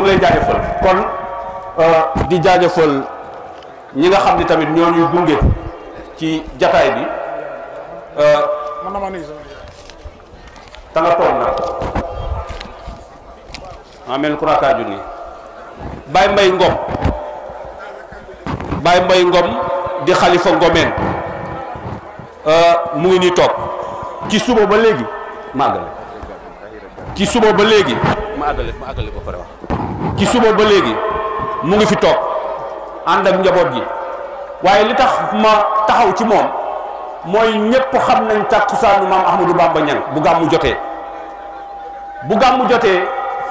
ñu ngay jaajëfal kon euh, di jaajëfal ñi nga xam ni tamit ñoo ñuy gunge ci jataay bi euh, ta nga toog nag ma mel kurakaaju ni Baye Mbaye Ngom Baye Mbaye Ngom di xalifa Ngomeen euh, mu ngi nii toog ci suba ba léegi ma àggale ci suba ba léegi ma àggale ma àggale ba pare wax ci suba ba léegi mu ngi fi toog ànd ak njaboot yi waaye li tax ma taxaw ci moom mooy ñëpp xam nañ tàkkusaanu maam Ahmadou Bamba Niang bu gàmmu jotee bu gàmmu jotee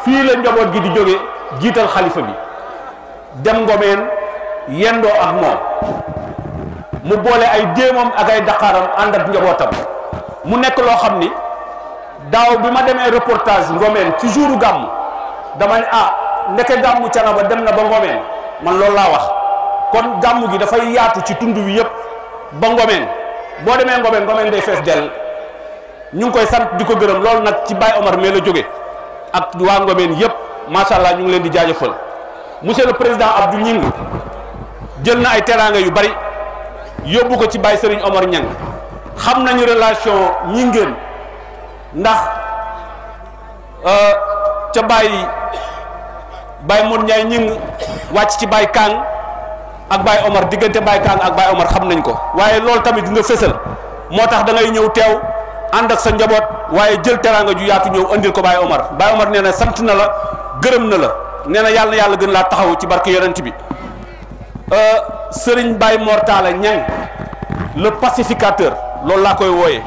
fii la njaboot gi di jóge jiital xalifa bi dem ngomeen yendoo ak moom mu boole ay déemam ak ay daqaaram ànd ak njabootam mu nekk loo xam ni daaw bi ma demee reportage ngomeen ci suuru gàmm dama ne ah ndeke gàmmu Canaba dem na ba Ngomeen man loolu laa wax kon gàmmu gi dafay yaatu ci tund wi yëpp ba Ngomeen boo demee Ngomeen Ngomeen day fees dell ñu ngi koy sant di ko gërëm loolu nag ci Baye omor mee la jóge ak waa Ngomeen yëpp macha allah ñu ngi leen di jaajëfal monsieur le président Abdou Ñing jël na ay teraanga yu bari yóbbu ko ci Baye sëriñ Omar Ñang xam nañu relation ñi ngeen ndax euh, ca Baye. Baye Mour Ndiaye ñing wàcc ci Baye Kang ak Baye Omar diggante Baye Kang ak Baye Omar xam nañ ko waaye loolu tamit nga fësal moo tax dangay ñëw teew ànd ak sa njaboot waaye jël teraanga ju yaatu ñëw andil ko Baye Omar Baye Omar nee na sant na la gërëm na la nee na yàlla yàlla gën laa taxaw ci barke yonent bi euh, Serigne Baye Mortala Ñang le pacificateur loolu laa koy wooyee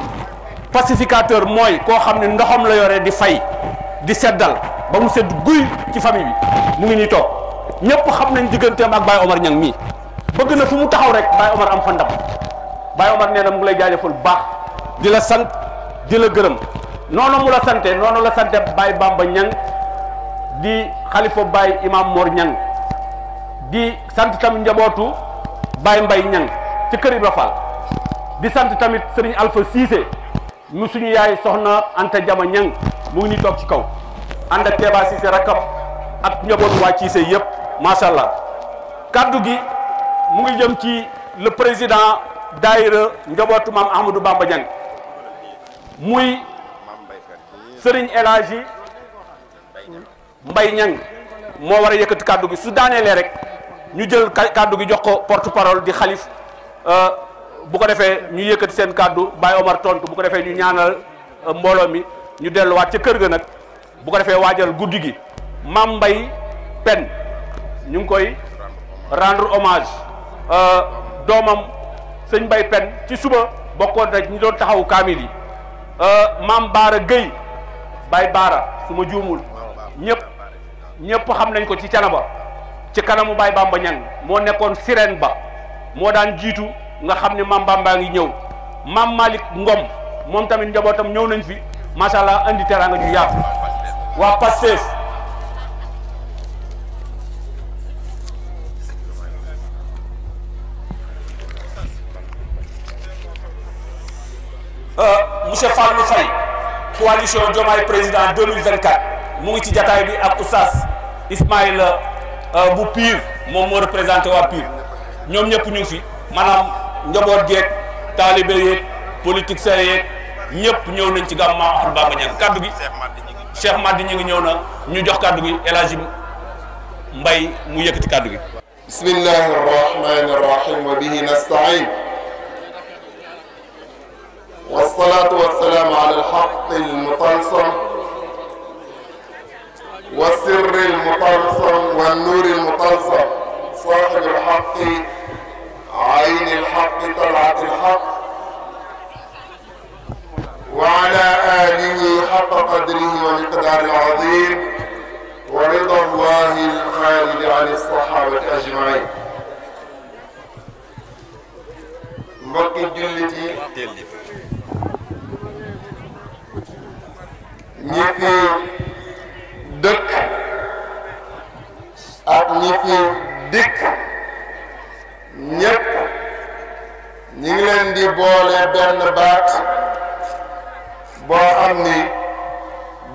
pacificateur mooy koo xam ne ndoxam la yore di fay di seddal ba mu sedd guy ci famille bi mu ngi nii toog ñëpp xam nañ digganteem ak Baye Omar Niang mii bëgg na fu mu taxaw rek Baye Omar am fa ndam Baye Omar nee mu ngi lay jaajëfal baax di la sant di la gërëm noonu mu la sante noonu la sante Baye Bamba Niang di xalifa Baye imaam Mor Niang di sant tamit njabootu Baye mbay Niang ci kër Ibra Fall di sant tamit Serigne Alpha Cissé mu suñu yaay soxna Anta Jama Niang mu ngi nii toog ci kaw ànd ak Kéba Cissé rakam ak njabootu waa Cissé yëpp macha allah kaddu gi mu ngi jëm ci le président dayre njabootu maam Ahmadou Bamba Dieng muy Serigne El mbay Mbaye moo war a yëkkati kaddu gi su daaneelee rek ñu jël kàddu gi jox ko porte parole di xalif euh, bu ko defee ñu yëkkati seen kàddu Baye Omar tontu bu ko defee ñu ñaanal euh, mbooloo mi ñu delluwaat ci kër ga nag. bu ko defee waajal guddi gi maam mbay Penn ñu ngi koy rendre hommage euh, doomam sëñ mbay Penn ci suba bokkoon rek ñi doon taxawu kaamil yi euh, Mame Baara Guèye Baye Baara su ma juumul ñëpp ñëpp xam nañ ko ci canaba ci kanamu Baye Bamba Ñang moo nekkoon sirène ba moo daan jiitu nga xam ne Mame Bamba ngi ñëw maam Malick Ngom moom tamit njabootam ñëw nañ fi macha allah andi teraanga ju yaatu waa Pastef euh, monsieur Fallou Faye coalition Diomaye président 2024 mu ngi ci jataay bi ak oustaz Ismaïla euh, bu Pire moom moo représenté waa Pire ñoom ñëpp ñu fi maanaam njaboot geeg taalibe yeeg politique sa yeeg ñëpp ñëw nañ ci gàmmu Ahmadou Bamba Niang kaddu gi Cheikh Madi ñu ngi ñëw na ñu jox kàddu gi El Hadj Mbaye mu yëkkati kàddu gi. bismillahi rahmani rahim wa bihi nastain wasalaatu wasalaamu ala alxaqi almutalsam wa sirri almutalsam wa nuuri almutalsam saaxibi alxaqi ayni alxaqi talaati alxaq وعلى آله حق قدره ومقداره العظيم ورضا الله الخالد عن الصحابة أجمعين mbokki jullit yi ñi fi dëkk ak ñi fi dikk ñépp ñi ngi leen di boole benn baat boo xam ni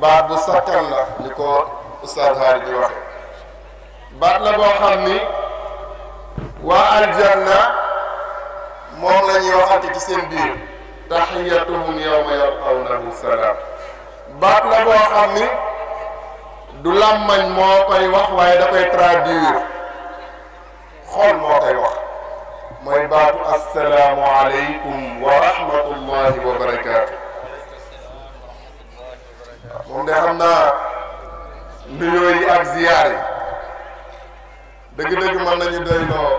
baat bu sakkan la ni ko ustaad Haari di waxe baat la boo xam ni waa aljanna moom la ñuy waxati ci seen biir taxiyatuhum yawma yalqawnahu salaam baat la boo xam ni du làmmañ moo koy wax waaye da koy traduire xool moo koy wax mooy baatu assalaamu aleykum wa wa barakaatu moom de xam naa nuyoo yi ak ziyaar yi dëgg-dëgg mën nañu doy loo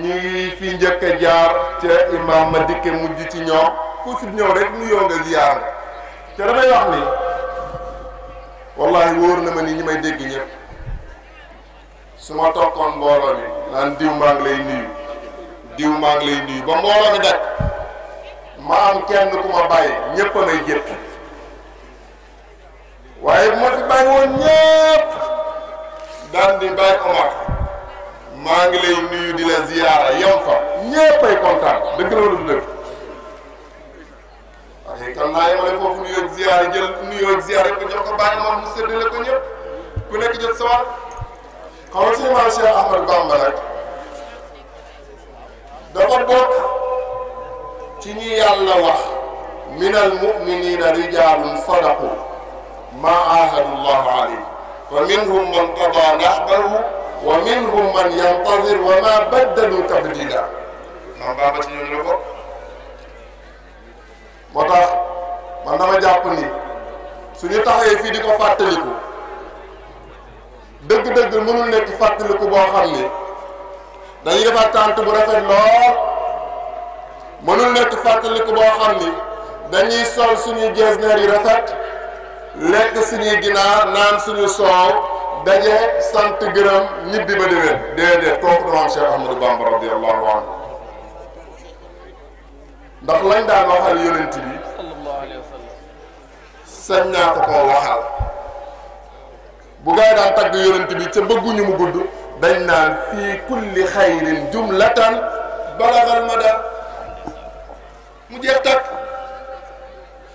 ñu fi njëkk jaar ca imam ma dikke mujj ci ñoo ku si ñëw rek nuyoo nga ziyaar nga te damay wax ni wallahi wóor na ma ni ñi may dégg ñëpp su ma tokkoon mbooloo mi naan diw lay nuyu diw lay nuyu ba mbooloo mi daj ma am kenn ku ma bàyyi ñëpp a may jëpp waaye moo fi woon ñépp daan di bàyyi Omar maa ngi lay nuyu di la ziyaara yam fa ñépp ay kontaan dëgg la wala du dëgg waaye kan naa yemale foofu nuyoo ak ziyaara jël nuyoo ak ziyaara ko jox ko bàyyi moom mu séddale ko ñépp ku nekk jot sawar xam nga suñu maam Cheikh Ahmad Bamba nag dafa bokk ci ñi yàlla wax minal mu'minina rijaalun sadaqu ما عاهدوا الله عليه فمنهم من قضى نحبه ومنهم من ينتظر وما بدلوا تبديلا maam Bamba ci ñooñu la bokk moo tax man dama jàpp ni suñu taxawee fii di ko fàttaliku dëgg-dëgg mënul nekk fàttaliku boo xam ni dañuy defar tànt bu rafet lool mënul nekk fàttaliku boo xam ni dañuy sol suñuy gees neer yi rafet lekk suñuy ginaar naan suñu soow daje sant gërëm ñibbi ba déwén déedéet kooku du maam Cheikh Ahmadou Bamba radiyallahu anhu ndax lañ daan waxal yonent bi sañ naa ko koo waxal bu gaa yi daan tagg yonent bi ca bëgguñu mu gudd dañ naan fii kulli xayrin jumlatan balagal mada mu jeex tag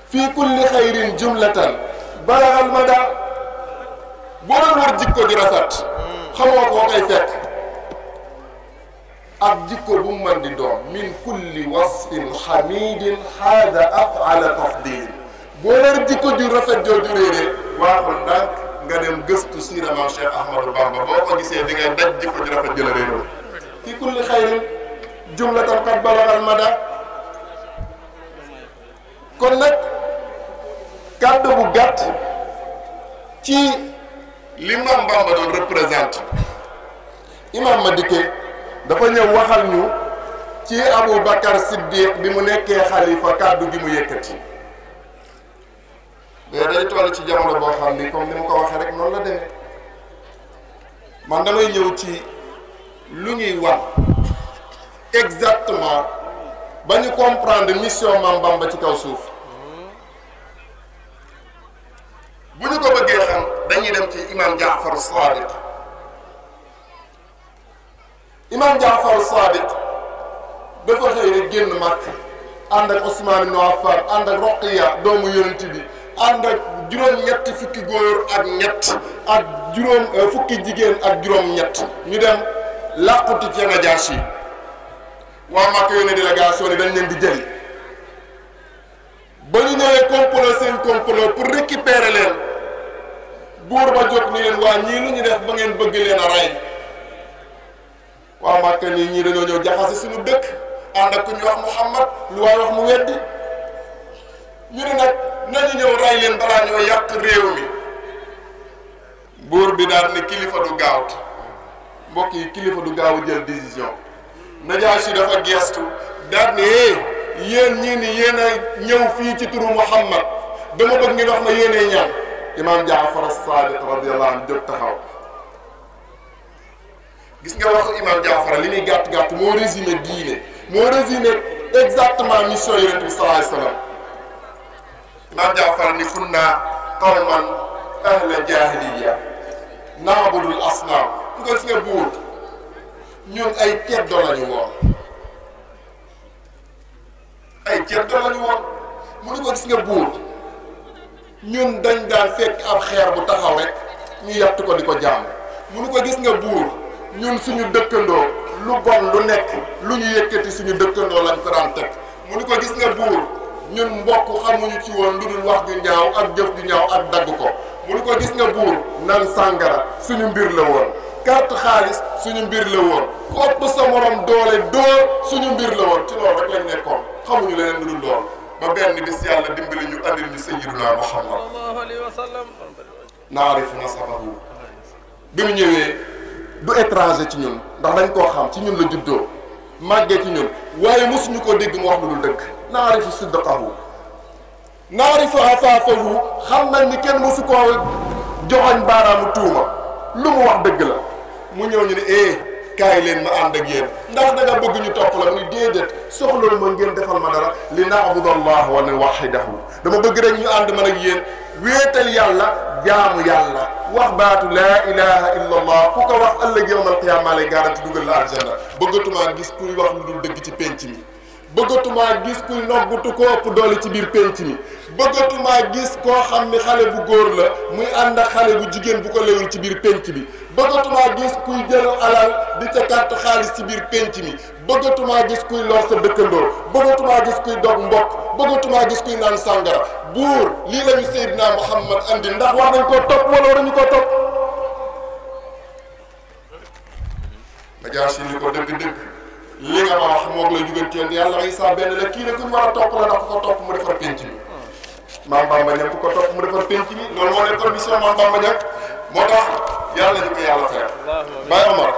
fii kulli xayrin jumlatan balaxal ma daa boo doon jikko ju rafet xamoo ko ngay fekk ak jikko bu mu mën di doon min kulli wasfin xamidin xaada afala tafdil boo leen jikko ju rafet jooju réeree waaxul nag nga dem gëstu siira maam Cheikh Ahmadou Bamba boo ko gisee di ngay daj jikko ju rafet jëla réeroo fi kulli xayrin jumlatan qad balaxal ma daa kon nag kàddu bu gàtt ci li Maam Bamba doon représente Imam Madické dafa ñëw waxal ñu ci Abou Bakar Siddiq bi mu nekkee xalifa kàddu gi mu yëkkati mais day toll ci jamono boo xam ni comme ni ma ko waxee rek noonu la demee man damay ñëw ci lu ñuy wax exactement ba ñu comprendre mission Maam Bamba ci kaw suuf bu ñu ko bëggee xam dañuy dem ci imam Jaafar Sadiq imam Jaafar Sadiq dafa xëy rek génn màkk ànd ak Ousmane ibn ànd ak Roqiya doomu yonent bi ànd ak juróom-ñett fukki góor ak ñett ak juróom euh, fukki jigéen ak juróom-ñett ñu dem làquti ci Najaasi waa màkk yónnee délégation ne dañ leen di jëli ba ñu ñëwee complot seen complot pour récupérer leen buur ba jóg ni leen waa lu ñu def ba ngeen bëgg leen a rey waaw màkka nii ñii dañoo ñëw jaxase suñu dëkk ànd ak ku ñu wax Muhammad lu waay wax mu weddi ñu ne nag nañu ñëw rey leen balaa ñoo yàq réew mi buur bi daal ne kilifa du gaawt mbokk yi kilifa du gaaw a jël décision Najaasi dafa gestu daal ne hey eh, yéen ñii ni yéen ñëw fii ci turu Muhammad dama bëgg ngeen wax ma yéenay ñaan imaam jaafar as-saadiq radiyallahu anhu jóg taxaw gis nga wax imaam jaafar li muy gàtt gàtt moo résumé diine moo résumé exactement mission yonent bi sallallahu alayhi wasallam imaam jaafar ni kunna qawman ahla jahiliya naabudul asnaam ñu ko gis nga buur ñun ay ceddo lañu woon ay ceddo lañu woon mënu ko gis nga buur ñun dañ daan fekk ab xeer bu taxaw rek ñu yàtt ko di ko jàmm munu ko gis nga buur ñun suñu dëkkandoo lu lu nekk lu ñu yëkkati suñu dëkkandoo lañ ko daan teg munu ko gis nga buur ñun mbokk xamuñu ci woon lu dul wax ju ñaaw ak jëf ju ñaaw ak dagg ko munu ko gis nga buur nan sàngara suñu mbir la woon carte xaalis suñu mbir la woon ku ëpp sa morom doole dóor suñu mbir la woon ci loolu rek lañ nekkoon xamuñu leneen lu dul lool ma benn bis yàlla dimbali ñu andil ñu sayyiduna Muhammad naarifu nasabahu bi mu ñëwee du étranger ci ñun ndax dañ koo xam ci ñun la juddoo màggee ci ñun waaye mosuñu koo dégg mu wax lu dul dëgg naarifu sidqahu naarifu afaafahu xam nañ ni kenn mosu koo joxoñ baaraamu tuuma lu mu wax dëgg la mu ñëw ñu ne eh. kaay leen ma ànd ak yéen ndax da nga bëgg ñu topp la muy déedéet soxla ma ngeen defal ma dara li naabudu allah wa nuwaxidahu dama bëgg rek ñu ànd man ak yéen wéetal yàlla jaamu yàlla wax baatu laa ilaha illa allah ku ko wax ëllëg yowmal qiyaama maa lay garanti dugal la aljanna bëggatumaa gis kuy wax lu dul dëgg ci penc mi bëggatumaa gis kuy noggutu ko ëpp doole ci biir penc mi bëggatumaa gis koo xam ni xale bu góor la muy ànd ak xale bu jigéen bu ko léwul ci biir penc bi bëggatuma gis kuy jël alal di ca carte xaalis ci biir penc mi bëggatuma gis kuy lor sa dëkkandoo bëggatuma gis kuy dog mbokk bëggatuma gis kuy naan sàngara buur lii lañu Seydina Muhammad andi ndax war nañ koo topp wala war nañu koo topp ajaasi ni li nga ma wax moom la juganteen yàlla Isaa benn la kii ne ku ñu war a topp la ndax ko topp mu defar penc mi maam Bamba ñëpp ku ko topp mu defar penc mi loolu moo ne condition maam Bamba ñëpp moo tax yàlla ñu ko yàlla fekk Baye Omar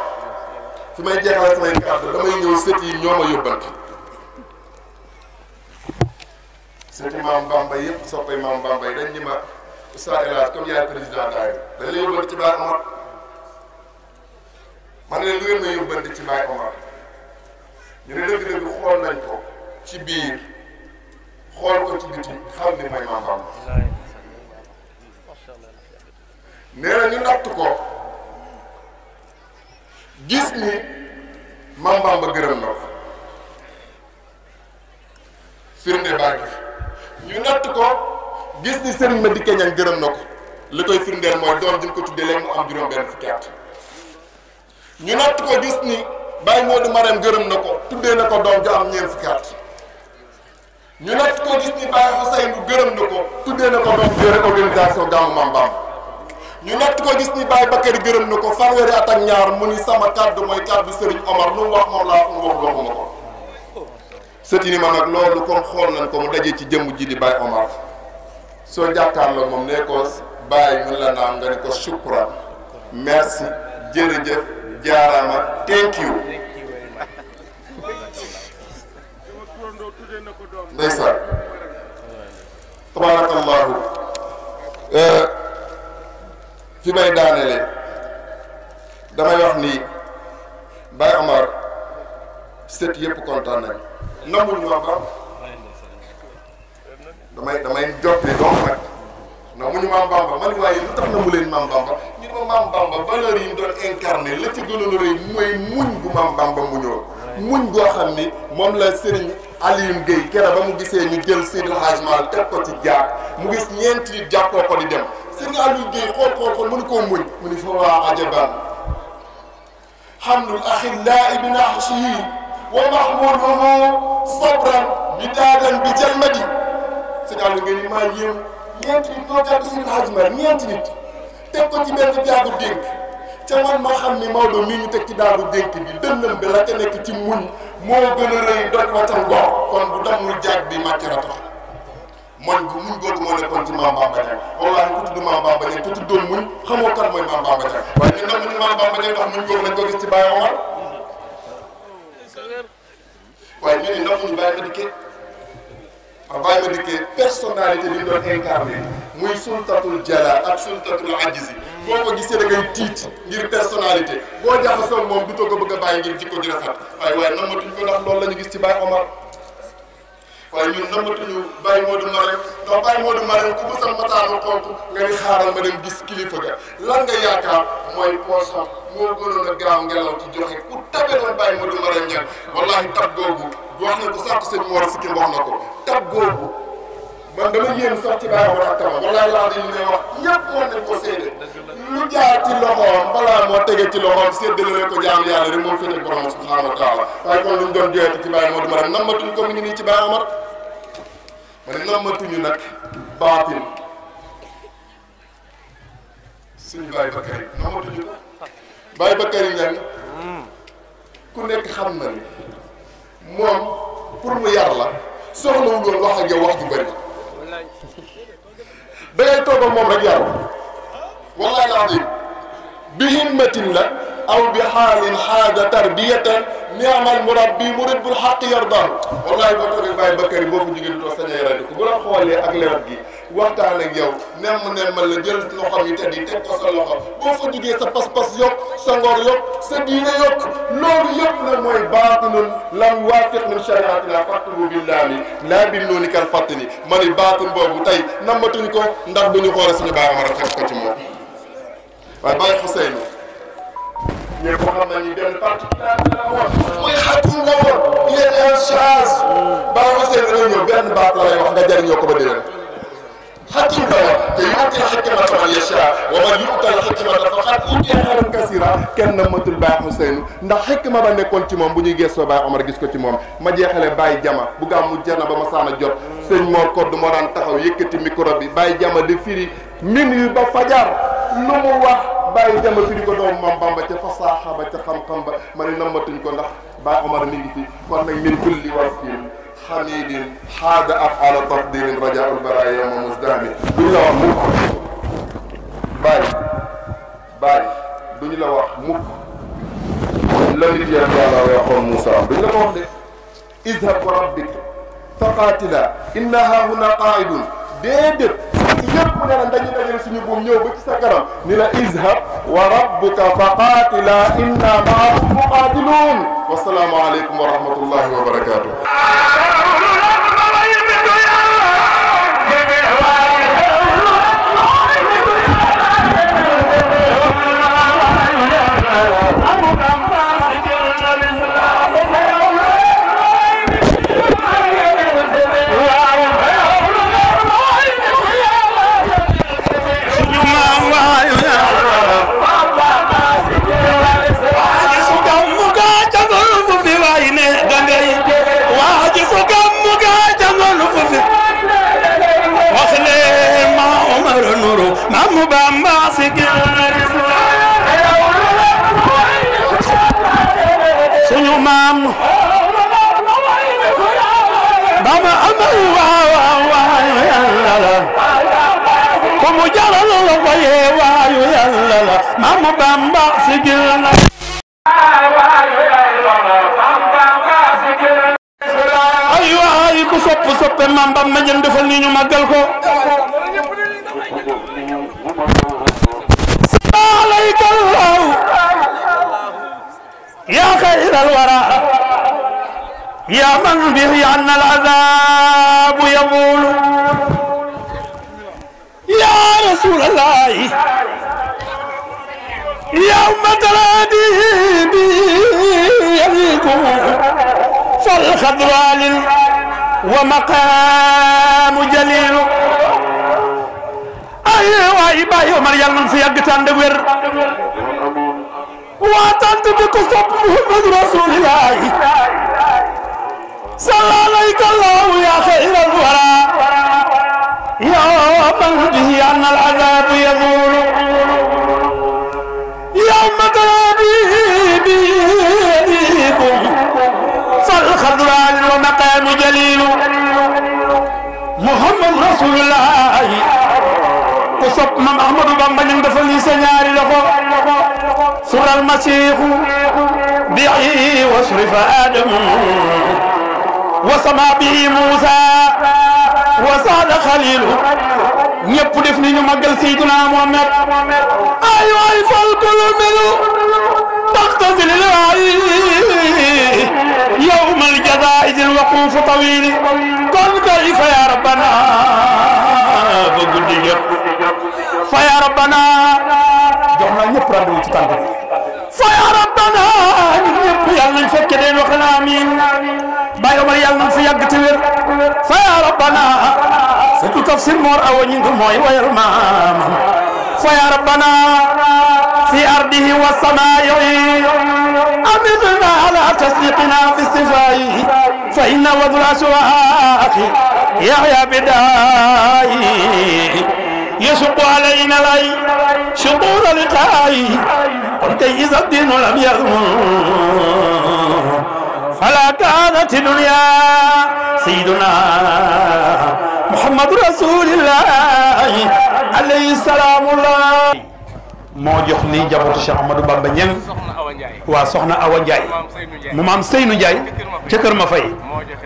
fi may jeexale samay kàddu damay ñëw sët yi ñoo ma yóbbante sëti maam Bamba yëpp soppay maam Bamba dañ ni ma Oustaz El Hadj comme yaay président daayira dañ la yóbbante ci Baye Omar man ne lu ngeen may yóbbante ci Baye Omar ñu ne dëgg-dëgg xool nañ ko ci biir xool ko ci biti xam ni mooy maam Bamba nee na ñu natt ko gis ni Maam Bamba gërëm na ko firnde baa ngi ñu natt ko gis ni Serigne Madické Niang gërëm na ko li koy firndeel mooy doom ji ko tuddee léegi mu am juróom-benn fukki ñu natt ko gis ni Baye Modou Marème gërëm na ko tuddee na ko doom ju am ñeent fukki ñu natt ko gis ni Baye Ousseynou gërëm na ko tuddee na ko doom ji organisation gàmmu Maam ñu natt ko gis ni Baye Bakary gërëm na ko fanweeri at ak ñaar mu ni sama kàddu mooy kàddu Serigne Omar lu mu wax moom laa mu wax waxuma ko sëti ni ma nag loolu comme xool nañ ko mu dajee ci jëmm ji di Baye Omar soo jàkkaarloo moom nee ko Baye mun la naam nga ne ko shukran merci jërëjëf jaaraama thank you ndeysaan tabarakallahu euh, fi may daaneele damay wax ni Baye Omar sët yëpp kontaan na nangul ñu maam Bamba damay damay jotti doom ma ni waaye lu tax nangu leen maam Bamba ñu valeur yi mu doon incarné la ci gënoon a rëy mooy muñ bu maam Bamba muñoo muñ goo xam ni moom la Serigne Alioune Gueye keroog ba mu gisee ñu jël Seydil Hadj Malick teg ko ci jaag mu gis ñeenti nit jàppoo ko di dem Seydil Alioune Gueye xool xool xool mënu koo muñ mu ni fa waa ajaban hamdul axillaai bi nahshihi wa mahmuduhu sabran bi daadan bi jalmadi Seydil Alioune Gueye ni maa yéem ñeenti nit ñoo jàpp Seydil Hadj Malick ñeenti nit teg ko ci benn jaagu dénk ca man ma xam ni Maodo mii ñu teg ci daagu dénk bi dënnam bi la ca nekk ci moo gën a rëy doj watal gox kon bu damul jaag bi màcc na tax mooy bu muñ googu moo nekkoon ci maam Bamba Diagne wallaahi ku tudd maam Bamba Diagne te tuddoon muñ xamoo kan mooy maam Bamba Diagne waaye ñun nag ñu maam Bamba Diagne ndax muñ googu lañ ko gis ci Baye Omar waaye ñu ne ndax muñ Baye Madické xam bàyyi ma dikkee personnalité bi ñu doon incarné muy sultatul jala ak sultatul ajiz boo ko gisee da ngay tiit ngir personnalité boo jaxasoo moom du too ko bëgg a bàyyi ngir jikko ji rafet waaye waaye namatuñ ko ndax loolu la ñu gis ci Baye Omar waaye ñun nëbbatuñu Baye Modou Marème ndax Baye Modou Marème ku bësal mataanu xonk nga ni xaaral ma dem gis kilifa ga lan nga yaakaar mooy poosam moo gënoon a gaaw ngelaw ci joxe ku tabe doon Baye Modou Marème ñan wallahi tab googu wax na ko sànq sëñ Mor Sikki wax na ko tab googu man dama yéen sax ci bàyyi wala tama walaay laa dañu ne wax yëpp mën nañ ko séede lu jaar ci loxoom balaa moo tege ci loxoom séddale ko jaam yàlla rek moo féete borom subhanahu wa taala waaye kon luñ doon ci bàyyi ma rek nammatuñ ko nii ma ne nammatuñu nag baatin suñu bàyyi bakkar yi nammatuñu ko bàyyi bakkar ku nekk xam na ni moom pour mu yar la soxlawul wax ak yow wax ju bëri da ngay toog ak moom rek yàlla wallahi alazim bi himmatin la aw bi xaalin xaaja tarbiyatan niamal murabbi muridul xaq yardan wallahi boo toogee bàyyi Bakary boo ko jigéen doo sañ a yaradi ko bu la xoolee ak lewet gi waxtaan ak yow nemm ma la jël loxo yi te di ko sa loxo boo fa jugee sa pas-pas yokk sa ngor yokk sa diine yokk loolu yëpp na mooy baatinun lam waafiq min shariatina fattuhu billahi laa bi nooni kal fàttali ma ni baatin boobu tey nammatuñ ko ndax bu ñu xoole suñu baaraam war a xeex ko ci moom waaye Baye Xuseynu ñëpp xam nañu benn particulier la woon mooy xakum la woon il est un charge Baye Xuseynu dañoo ñëw benn la lay ba déwén حكيما يؤتي الحكمة من يشاء ومن يؤتى الحكمة فقد أوتي خيرا كثيرا kenn mëtul Baye Ousseynou ndax xikma ba nekkoon ci moom bu ñuy gëstoo Baye Omar gis ko ci moom ma jeexale bàyyi Jama bu gàmmu jana ba ma saan a jot sëñ Mor Kodd moo daan taxaw yëkkati micro bi bàyyi Jama di firi min yu ba fajar lu mu wax Baye Jama firi ko doomu Mam Bamba ca fasaaxa ba ca xam-xam ba ma ne nammatuñ ko ndax Baye Omar mi ngi fi kon nag min kulli wasfin حميد حاد أفعال تفضيل رجاء البراء يوم مزدهم duñ la wax mukk baay baay duñ la wax mukk la nit yàlla waxoon Moussa duñ la ko wax de izhab wa rabbika faqaatila inna haahuna qaa'idun déedéet ñëpp ne la dañu dajale suñu buum ñëw ba ci sa kanam ni la izhab wa rabbuka faqaatila inna maakum muqaatiluun wasalaamu aleykum wa rahmatullahi wa barakaatu mu Bamba sigil na lislaam suñu maam bama amal waaw waaw waayu yàlla la ku mu jaral la ko yee waayu yàlla la maam mu Bamba sigil na ay waay ku sopp soppe maam Bamba jëm defal ni ñu màggal ko خير الورى يا من به عنا العذاب يمول يا رسول الله يا أمة الهدي بيديكم فالخضر ومقام جليل أيوة أيوة مريم في يقتان دوير waatantu bi ko sopp muhammadu rasulillahi salla alayka allahu ya xayra alwara ya man bihi an aladabu yamulu ya ummatan bi yadikum fal xadran wa maqamu jalilu muhammad rasulillahi ku sopp mam Ahmadou Bamba ñu dafa lii sa ñaari loxo sural masiixu bii wasrifa Adamu wa sama bii Moussa wa saada Xalilu ñëpp def ni ñu màggal Seydina Mohamed ay waay fal kulu melu تقتضي للوعي يوم الجزاء ذي الوقوف طويل قل كيف يا ربنا فقل يقول fa ya rabbana jox na ñëpp rendez-vous ci tànk fa ya rabbana ñun ñëpp yàlla nañ fekke deen wax na amin Baye Omar yàlla nañ fi yàgg ci wér fa ya rabbana surtout tafsir moor awa ñi ngi mooy wayal maamam fa ya rabbana fi ardihi wa samaayi amidna ala tasdiqina fi sifaayi fa inna wadul aswaaxi yaxya bidaayi يشق علينا العي شطور لقائي قل كيس الدين لم يغمر فلا كانت دنيا سيدنا محمد رسول الله عليه السلام الله moo jox lii jabootu Cheikh Amadou Bamba ñeng waa soxna Awa Ndiaye mu maam Seynou Ndiaye ca kër ma fay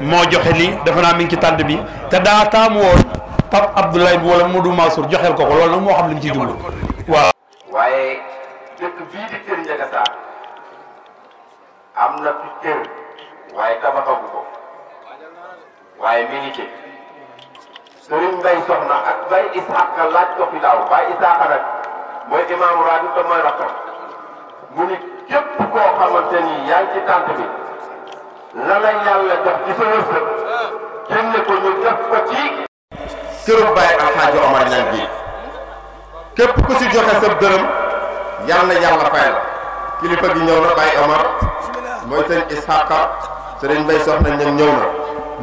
moo joxe lii dafa naa mi ngi ci tàdd bi te daa taamu woon Pape Abdoulaye bi wala Modou Mansour joxeel ko ko loolu nag moo xam li mu ciy jublu waaw. waaye dëkk bii di kër Ndiaga am na fi kër waaye tabaxagu ko waaye mi ngi ci Serigne Mbaye ak Baye Isaka laaj ko daaw Baye Isaka mooy imaamu raadu te mooy rakkam mu ni képp koo xamante ni yaa ngi ci tànt bi la ko ñu def ci. cërëb bàyyi alxaaji Omar Ñaŋ gi képp ku si joxe sab dërëm yal na yàlla fayal kilifa gi ñëw na bàyyi Omar mooy sëñ Isxaqa sëriñ Mbay Soxna Ñaŋ ñëw na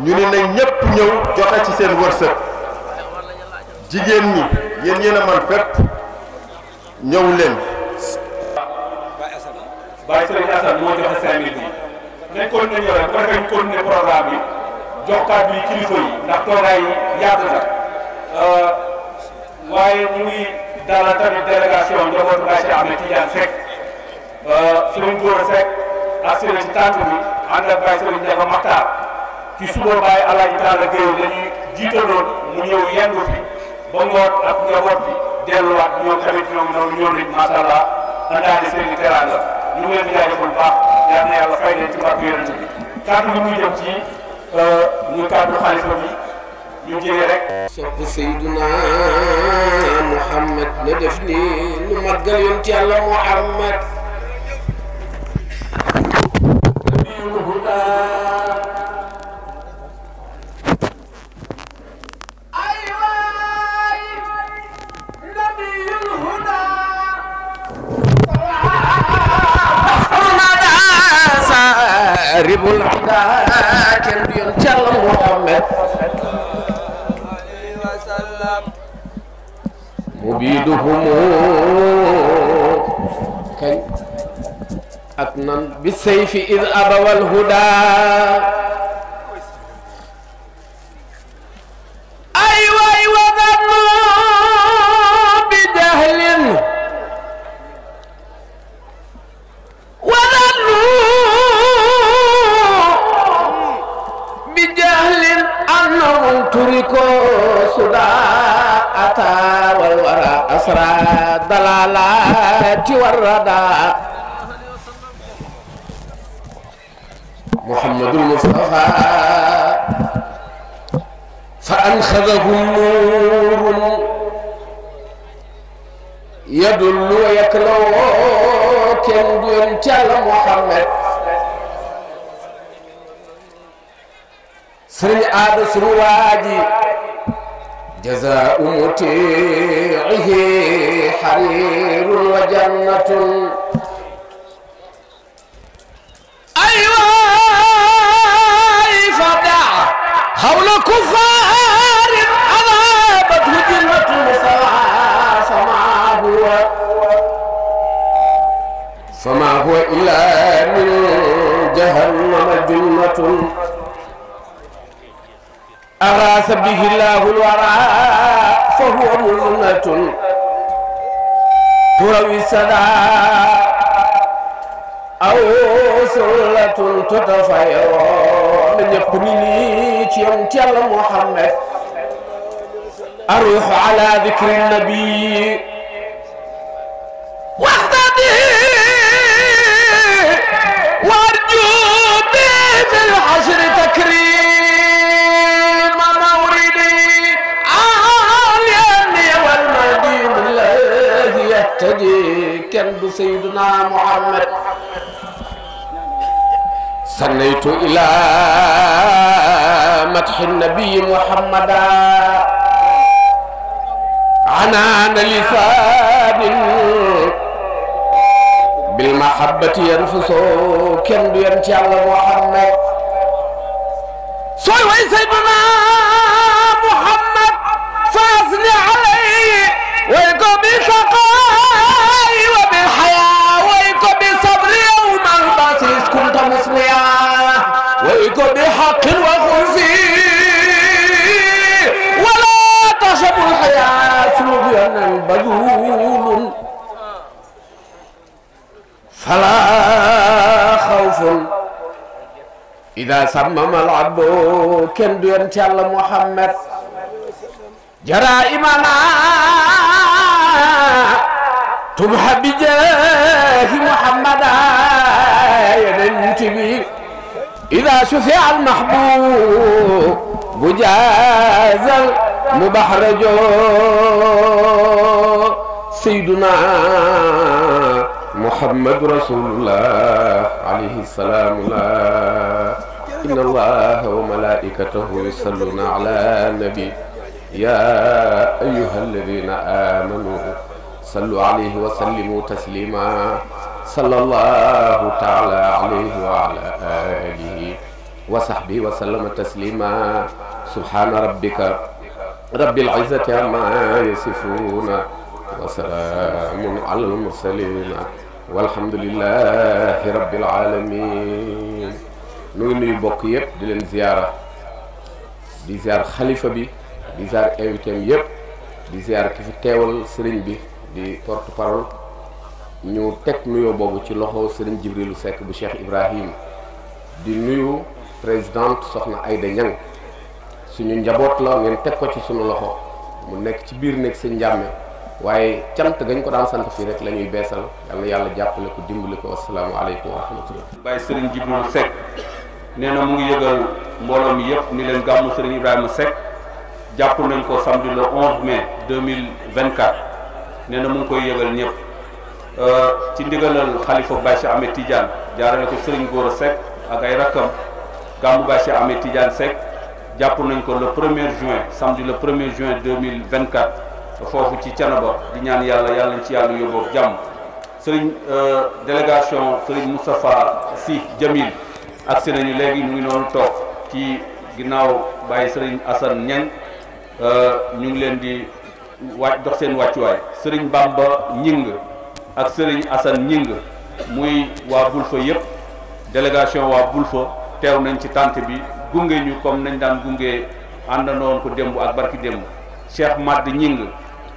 ñu ne nañ ñépp ñëw joxe ci seen wërsëg jigéen ñi yéen yéen man fépp ñëw leen bàyyi sëriñ Assane moo joxe cinq bi nañ continuer rek bu ko defee ñu continuer programme jox kàddu yi kilifa yi ndax toogaay yaatu na Euh, waaye ñu ngi dalal tamit délégation njabootu Baye Cheikh Ahmed Tidiane Seck Serigne euh, Gora Seck ak Serigne Tante bi ànd ak Baye Serigne Jafa Makhtar ci suba Baye Alaaji Talla Gueye dañuy jiitaloon mu ñëw yendu fi ba ngoot ak njaboot bi delluwaat ñoom tamit ñoom noonu ñoom it macha allah andaale seen i teraanga ñu ngi leen di jaajëfal baax yal na fay leen ci barke yonent bi kàddu gi muy jëm ci ñu euh, kàddu xalifa bi ñu jëlee rek. sopp Seydina Muhammad na def ni lu màggal yonent Yàlla Muhammad. ribul ada kendian jalan Muhammad mubiiduhum kañ ak nan bi sayfi id abawal hudaa أخذهم نور يدل ويكلو كم دون تعالى محمد سري آدس رواجي جزاء مطيعه حرير وجنة به الله الورى فهو منة تروي السدى أو سلة تتفير من يقنيني تيمتل محمد أروح على ذكر النبي واحتدي وارجو به في الحشر تكريم te ji kenn du sayyiduna muhammad sanaytu ila madhi nabi muhammada عنان لسان بالمحبة ينفسه كن ينتي على محمد سوي وي سيدنا محمد فاصل عليه ويقوم بشقاء ida sammama al abdu kenn du yonent Yàlla Muhammad jara imana tubha bi jaahi muhammada yonent bi ida sufi al mahbub bu jaazal mubahrajo sayyiduna محمد رسول الله عليه السلام لا إن الله وملائكته يصلون على النبي يا أيها الذين آمنوا صلوا عليه وسلموا تسليما صلى الله تعالى عليه وعلى آله وصحبه وسلم تسليما سبحان ربك رب العزة عما يصفون وسلام على المرسلين walhamdulilahi rabbil alamin ñu ngi nuyu bokk yëpp di leen ziyaara di ziyaar xalifa bi di ziyaar invité am yëpp di ziyaar ki fi teewal sëriñ bi di porte parole ñu teg nuyoo boobu ci loxo sëriñ Jibrilu Seck bu Cheikh Ibrahim di nuyu présidente soxna Aïda Niang suñu njaboot la ngeen teg ko ci sunu loxo mu nekk ci biir nekk seen njàmme waaye cant gañ ko daan sant fii rek la ñuy beesal yal na yàlla jàppale ko dimbali ko asalaamaaleykum wa rahmatullah Baye Serigne Djibril Seck nee na mu ngi yëgal mbooloom mi yëpp ni leen gàmmu Serigne Ibrahima Seck jàpp nañ ko samedi le 11 mai 2024 nee na mu ngi koy yëgal ñëpp euh, ci ndigalal xalifa Baye Cheikh Ahmed Tidiane jaarale ko Serigne Gora Seck ak ay rakkam gàmmu Baye Cheikh Ahmed Tidiane Seck jàpp nañ ko le première juin samedi le 1er juin 2024. foofu ci canaba di ñaan yàlla yàlla nañ ci yàlla yóbboog jàmm sëriñ euh, délégation sëriñ Moustapha Sy Jamil ak si nañu léegi mu ngi noonu toog ci ginnaaw bàyyi sëriñ Assane Niang euh, ñu ngi leen di wàcc dox seen wàccuwaay sëriñ Bamba Ñing ak sëriñ Assane Ñing muy waa Bulfa yëpp délégation waa Bulfa teew nañ ci tànt bi gunge ñu comme nañ daan gunge àndandoo ko démb ak barki démb Cheikh Mad Ñing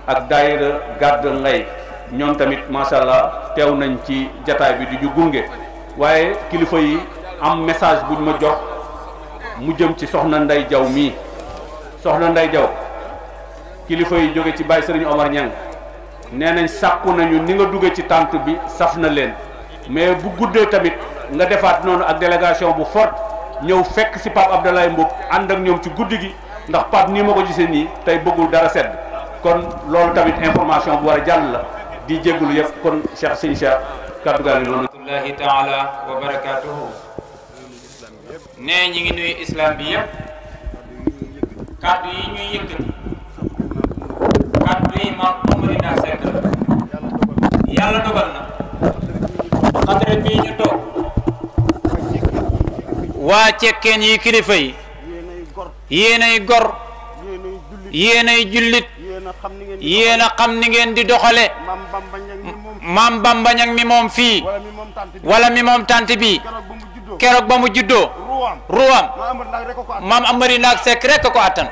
ak daayira gàdd ngay ñoom tamit macha allah teew nañ ci jataay bi di ju gunge waaye kilifa yi am message buñ ma jox mu jëm ci soxna ndey jaw mii soxna nday jaw kilifa yi jóge ci Baye Serigne Omar Niang nee nañ sàkku nañu ni nga duggee ci tànt bi saf na leen mais bu guddee tamit nga defaat noonu ak délégation bu fort ñëw fekk si Pape dalay Mboup ànd ak ñoom ci guddi gi ndax Pape nii ma ko gisee nii tey bëggul dara sedd kon loolu tamit information bu war a la di jégalu yëpp kon Cheikh Sëñ Cheikh kaddu na. waa cekkeen yi kilifa yi. yéenay gor. yéenay jullit. yéen a xam ni ngeen di doxale maam bambañang mi moom fii wala mi moom tant bi keroog ba mu juddoo ruwam maam amari naag sekk rek ko attan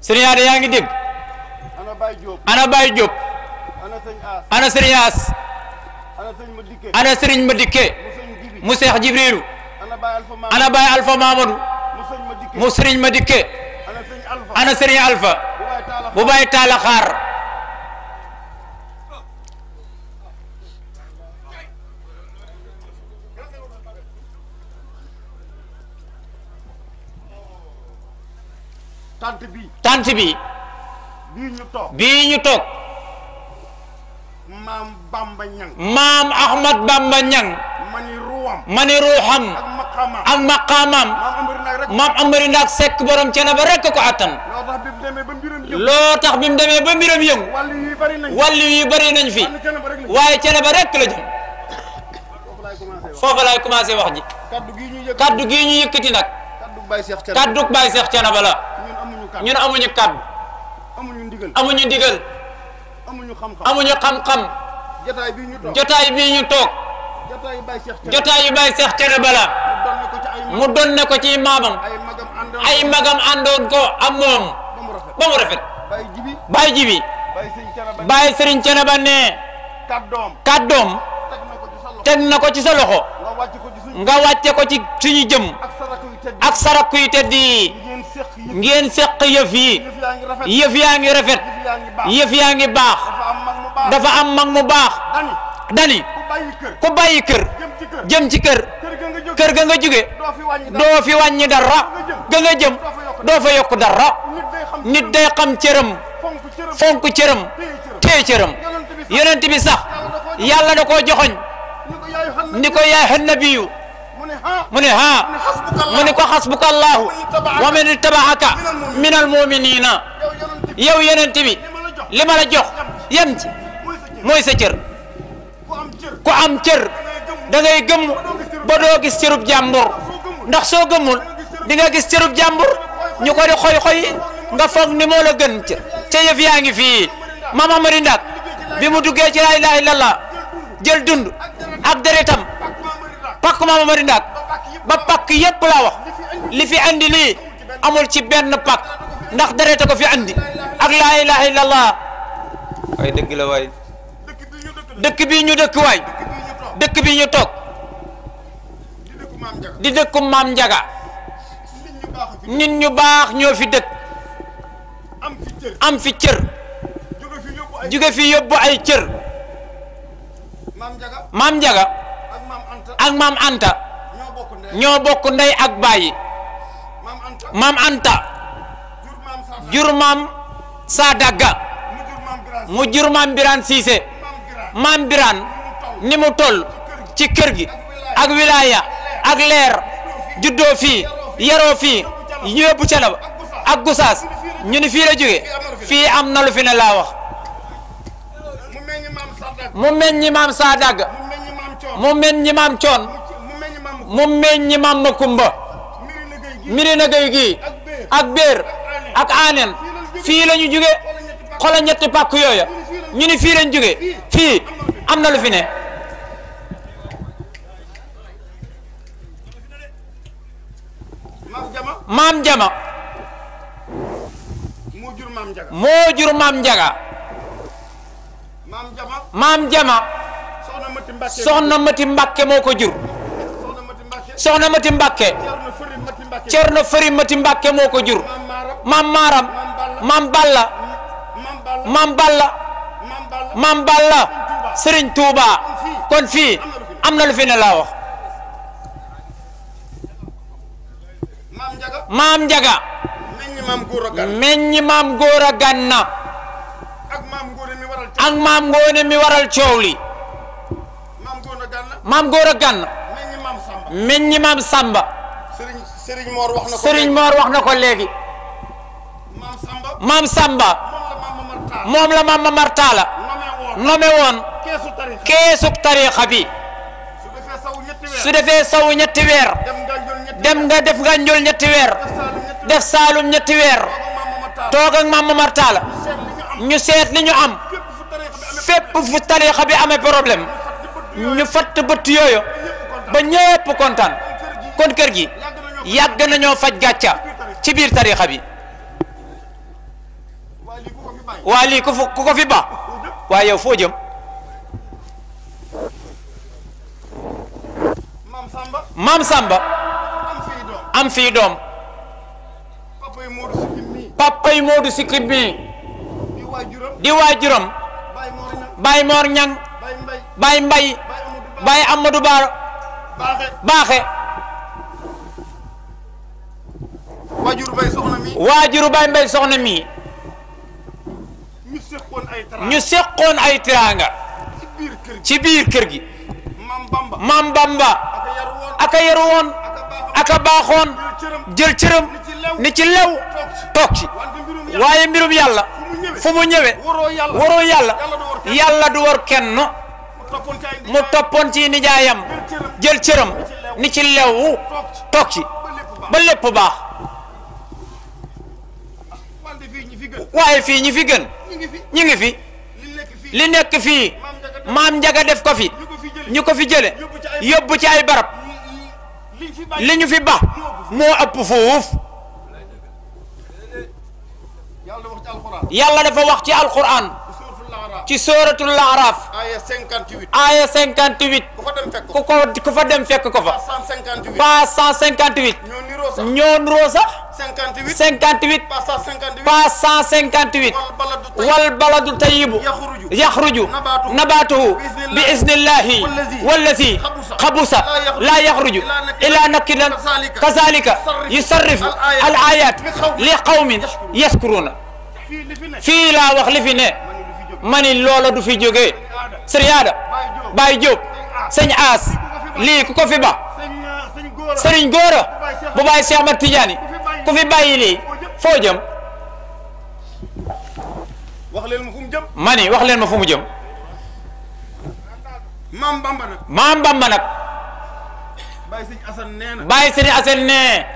sëriñ Aada yaa ngi dégg ana Baye Diop ana sëriñ As ana sëriñ ma dikke mu seex Jibriilu ana Baye Alfa Mamadou mu sëriñ ma dikke ana sëriñ Alpha bu bàyyi taala bi tant maam Bamba Ñang maam Ahmad Bamba Ñang mani ruuxam mani ruuxam ak maqaamam maam Amari Ndaak Sekk borom cene ba ko attan loo tax bi mu demee ba mbiram yëngu wàllu yi bëri nañ fi waaye cene ba la jëm foofa laay commencé wax ji kaddu gii ñu yëkkati nag kaddu Baay Seex cene ba la ñun amuñu kaddu amuñu ndigal amuñu ndigal amuñu xam-xam amuñu xam-xam. jotaay bii ñu toog ñu toog. jotaayu Baye Cheikh Thiénaba jotaayu Baye Cheikh Thiénaba la mu doon ne ko ci maamam ay magam àndoon ko am moom ba mu rafet Baye Jibi Baye Serigne Thiénaba ne kàddoom teg na ko ci sa loxo nga wàcce ko ci suñu jëm ak sarak yu tedd yi ngeen seq yëf yi yëf yaa ngi rafet yëf yaa ngi baax dafa am mag mu baax dani ku bàyyi kër jëm ci kër kër ga nga jóge doo fi wàññi dara ga nga jëm doo fa yokk dara nit day xam cëram fonk cëram téye cëram yonent bi sax yàlla da koo joxoñ ni ko yaay xan nabiyu mu ne haa mu ne ko xasbuka allahu wa man ittabaaka min almuminina yow yonent bi li ma la jox yem ci mooy sa ko am cër da ngay gëmm ba doo gis cërub jàmbur ndax soo gëmmul di nga gis cërub jàmbur ñu ko di xoy-xoy nga foog ni moo la gën ca ca yëf yaa ngi fii maam Amari bi mu duggee ci laa ilaaha illallah jël dund ak deretam pàkk maama mari ndaat ba pàkk yépp laa wax li fi andi lii amul ci benn pàkk ndax dereta ko fi andi ak laa ilaha illallah waaye dëgg la waay dëkk bii ñu dëkk waay dëkk bii ñu toog di dëkku maam njaga nit ñu baax ñoo fi dëkk am fi cër jóge fi yóbbu ay cër maam njaga ak maam Anta ñoo bokk ak bàyyi maam Anta jur maam Sadaga mu jur maam Birane Cissé maam Birane ni mu toll ci kër gi ak wilaya ak leer juddoo fii yaroo fii yóbbu calaba ak gusaas ñu ni fii la jóge fii am na lu fi ne mu meññi maam Sadaga mu meññ maam coon mu meññ maam makumba mbiri na gay gii ak béer ak aaneen fii la ñu jóge ñetti pàkk yooya ñu fii lañ jóge fii am na lu fi maam jama moo jur maam njaga maam jama soxna Mati Mbàkke moo ko jur soxna Mati Mbàkke Cerno Fëri Mati Mbàkke moo ko jur maam Maaram Balla maam Balla maam Tuuba kon fii am na lu fi ne laa wax Njaga meññi maam Góora Ganna ak maam Ngóone mi waral coow li maam góor a gànn meññi maam Samba Serigne Mor wax na ko Serigne Mor léegi maam Samba moom la maam Mamar Talla nome woon keesu tariixa bi su defee saw ñetti weer dem nga def nga ñetti weer def saalum ñetti weer toog ak maam Mamar Talla ñu seet li ñu am fépp fu tariixa bi amee problème ñu fatt bëtt yooyu ba ñëpp kontaan kon kër gi yàgg nañoo faj gàcca ci biir tariixa bi waa ku ko fi ba waa yow foo jëm maam Samba am fii doom papay Moodu Sikkim mii di waajuram Baay Moor Ñang Baye Mbay Baye Amadou Baar Baaxe waajuru Baye soxna mi waajuru soxna mi ñu seqoon ay tiraanga ci biir kër gi maam aka yaru woon aka baaxoon jël cëram ni ci lew toog waaye mbirum yàlla fu mu ñëwee waroo yàlla yàlla du war kenn mu toppoon ci nijaayam jël cëram ni ci lewu toog ci ba lépp baax waaye fii ñi fi gën ñi ngi fi li nekk fii maam njaga def ko fi ñu ko fi jële yóbbu ci ay barab li ñu fi ba moo ëpp fuuf yàlla dafa wax ci alquran ci sooratul laaraaf. aaya 58. aaya 58. ku fa dem fekk ko fa ku fa dem fekk ko fa. pas 158. ñoo niroo sax ñoo niroo sax. 58 58. pas 158. pas 158. wal baladu tayyibu. yaxruju nabaatuhu bi iznillahi. wallazi xabusa laa yaxruju ila nakidan kazalika yusarrifu al ayat li qawmin yaskuruuna. fii laa wax li fi ne. ma ni loola du fi jógee sëriñ Aada Baye Diop sëñ As lii ku ko fi ba sëriñ Gora bu Baye Cheikh Ahmad Tidiane ku fi bàyyi lii foo jëm wax leen ma fu jëm ma ni wax leen ma fu mu jëm maam Bamba nag maam Bamba nag nee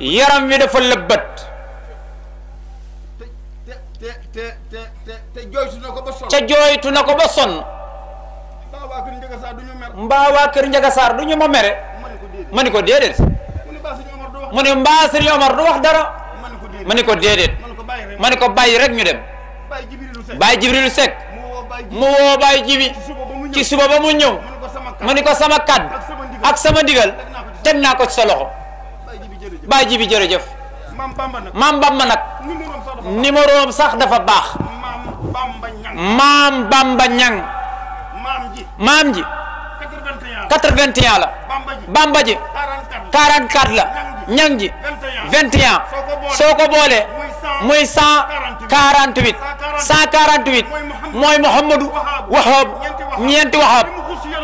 yaram wi dafa lëbbët te te te te te jooytu na ko ba sonn. ca jooytu na ko ba sonn. mbaa waa kër Njaga Saar du ñu mer. mbaa waa kër Njaga Saar du ñu ma mere. ma ni ko déedéet. mu ne mbaa Sëriñ Omar du wax dara. ma ko déedéet. ma ni ko bàyyi rek ñu dem. bàyyi Jibrilu Sekk. mu woo bàyyi jibi ci suba ba mu ñëw. ma ni ko sama kàddu ak sama ndigal teg naa ko ci sa loxo. bàyyi jibi jërëjëf. maam Bamba nag maam Bamba nag numéro am sax dafa baax maam Bamba ñang maam ji 81 la Bamba ji 44 la ñang ji 21 soo ko boolee muy 148 148 mooy Mouhamadou Wahab ñeenti Wahab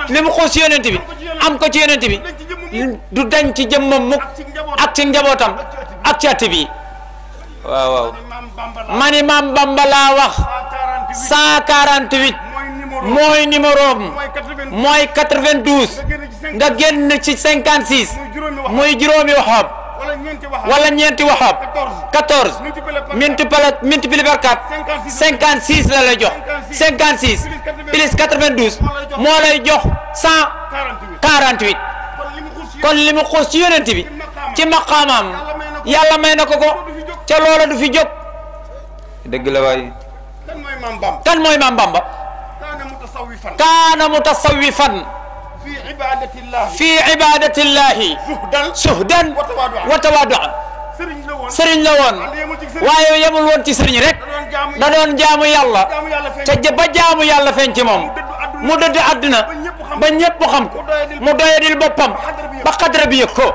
li mu xuus yonent bi am ko ci yonent bi du dañ ci jëmmam mukk ak ci njabootam ak ci ati bi waaw waaw ma ni maam Bamba laa wax 148 mooy numéro am mooy 92 nga génn ci 56 muy juróomi waxoob wala ñeenti waxoob 14 multiplié multiplié par 4 56 la lay jox 56 plus 92 moo lay jox 148. kon li mu xuus ci yonent bi ci maqaamaam yàlla may na ko ko ca loola du fi jóg dëgg la waay kan mooy maam Bamba kaana mutasawifan fi ibadatillahi suhdan wa tawaduan sëriñ la woon waaye yemul woon ci sëriñ rek da doon jaamu yàlla te ba jaamu yàlla feeñ ci moom mu dëdd àdduna ba ñëpp xam ko mu doyadil boppam ba xadra bi yëg ko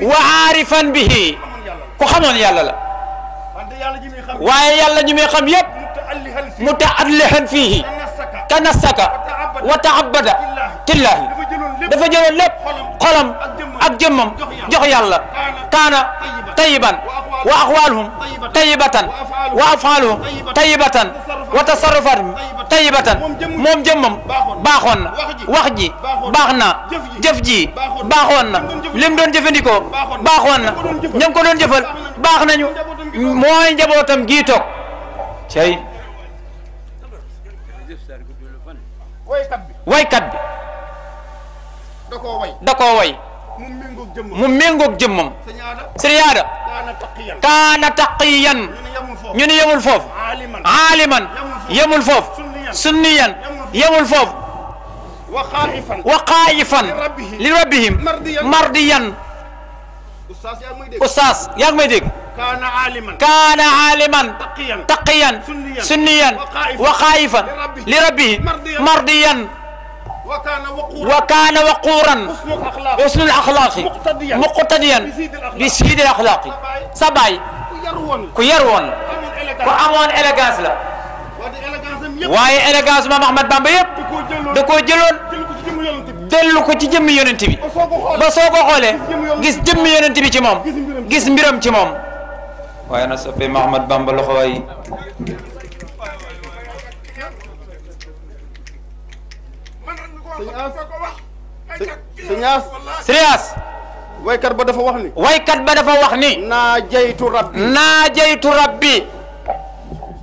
wa aarifan bihi ku xamoon yàlla la waaye yàlla ñi muy xam yëpp mu ta allihan fiihi kanasaka wa taabada tillaahi dafa jëloon lépp xolam ak jëmmam jox yàlla kaana tayiban wa aqwaluhum tayyibatan wa afaaluhum tayyibatan wa tasarrufaatuhum tayyibatan moom jëmmam baaxoon na wax ji baax na jëf ji baaxoon na lim doon jëfandikoo baaxoon na ña ko doon jëfal baax nañu mooy njabootam gii toog cey waykat bi da koo way mu méngoog jëmmam sëriñ aada kaana taqiyan ñu ni yemul foofu aaliman yemul foofu sunniyan yemul foofu wa xaayifan li rabbihim mardiyan ustaas yaa ngi may dégg kaana aaliman taqiyan sunniyan wa xaayifan li rabbihim mardiyan وكان وقورا حسن الاخلاق مقتديا بسيد الاخلاق سباي ku yar woon ku amoon élégance la waaye élégance maam Ahmad Bamba yëpp da koo jëloon dellu ko ci jëmmi yonent bi ba soo ko xoolee gis jëmmi yonent bi ci moom gis mbiram ci moom waaye na soppee Ahmad Bamba loxo waay sëñ As sëñ As waykat ba dafa wax ni waykat ba dafa wax ni naa jaytu rabbi naa jaytu rabbi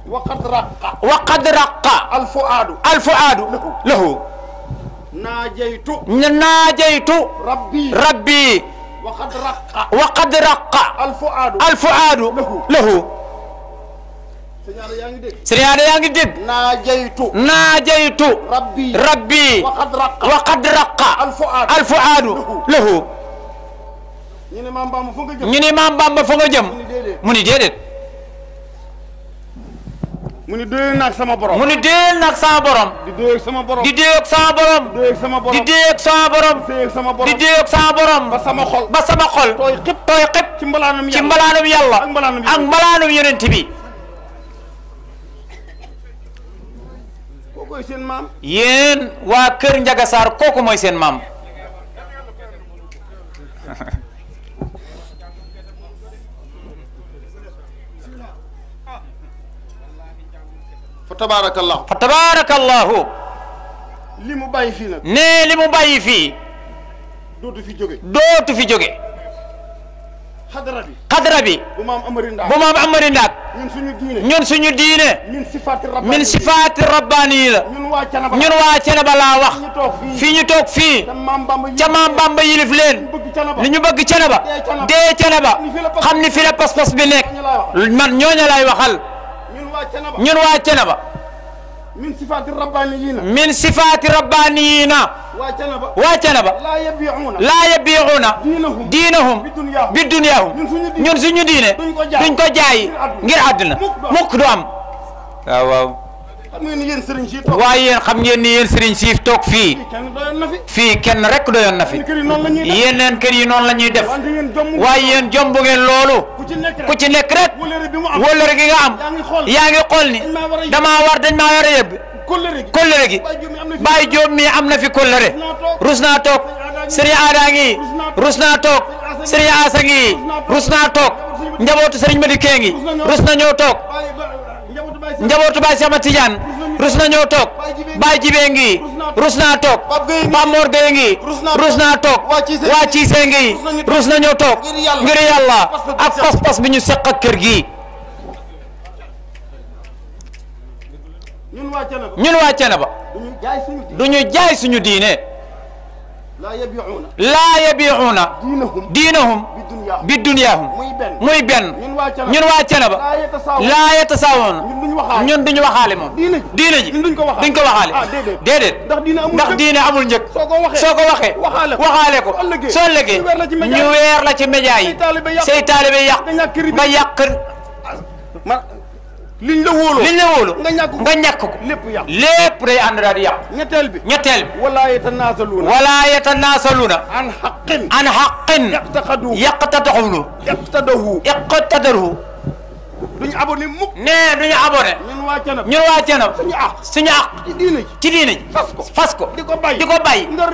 waqad raqa waqad raqa alfuaadu alfuaadu lahu naa jaytu naa jaytu rabbi rabbi waqad raqa waqad raqa alfuaadu alfuaadu lahu sëriñ Aada yaa ngi dégg. naa jaytu. naa jaytu. rabbi rabbi. waqad raqa waqad raqa. alfuaadu lahu ñu ne maam Bamba fa nga jëm ñu ne maam Bamba fa nga jëm. mu ni déedéet. mu ni déel naag sama borom mu ni déel naag sama borom. di déeg sama borom di déeg sama borom. di déeg sama borom di déeg sama borom. di déeg sama borom. ba sama xol ba sama xol. tooy xëpp tooy xëpp. ci mbalaanum yàlla ci mbalaanum yàlla. ak mbalaanum yonent bi. koy seen maam yéen waa kër Njaga kooku mooy seen maam fa tabaarakallahu nee li mu bàyyi fi dootu fi jóge xadara bi xadara bi bu maam amari ndaak bu maam amari ndaak ñun suñu diine ñun suñu diine min sifaati rabbaani yi la ñun waa Cenaba laa wax fii ñu toog fii ca maam Bamba yilif leen li ñu bëgg Cenaba dee Cenaba xam ni fi la pas-pas bi nekk man ñooña lay waxal ñun waa Cenaba min sifaati rabbaaniyiina min sifaati rabbaaniyiina waa canaba laa yabiixuuna diinahum bi dunyaahum ñun suñu diine duñ ko jaay ngir àdduna mukk du am waaw waaw waaye yéen xam ngeen ni yéen sëriñ siif toog fii fii kenn rek doyoon na fi yeneen kër yi noonu la ñuy def waaye yéen jomb ngeen loolu ku ci nekk rek wóllare gi nga am yaa ngi xool ni damaa war dañ maa war a yëbb kóllëre gi bàyyi joom mi am na fi kóllëre rus naa toog sëriñ aadaa ngi rus naa toog sëriñ aasa ngi rus naa toog njabootu sëriñ Madi Kee ngi rus na ñëw toog njabootu Baay Seex Ahmad Tijaan rus na ñoo toog Baay Jibee ngi rus naa toog Pape Mor Gueye rus naa toog waa Ciise ngi rus na ñoo toog ngir yàlla ak pas-pas bi ñu seq kër gi ñun waa Thiénaba du ñu jaay suñu diine laa yabi'uuna laa yabi'uuna diinahum bi dunyaahum muy benn ñun waa Cenaba laa yatasaawoon ñun duñu waxaale moom diina ji duñ ko waxaale ah, déedéet ndax diina amul njëkk soo ko waxee waxaale ko soo lëggee ñu weer la ci média yi say taalibe yàq ba yàq ah, liñ la wóoloo liñ la wóoloo nga ñàkk ko nga ñàkk ko lépp yàqu lépp day ànd daal di yàqu ñetteel bi ñetteel bi wala yatanaasaluuna wala yatanaasaluuna an xaqin an xaqin yaqtaqadu yaqtadaxulu yaqtadahu yaqtadahu duñu abonné mukk. nee duñu abonné. ñun waa Cenab. ñun waa Cenab. suñu àq suñu àq. ci ko fas ko. di ko bàyyi di ko bàyyi. ndax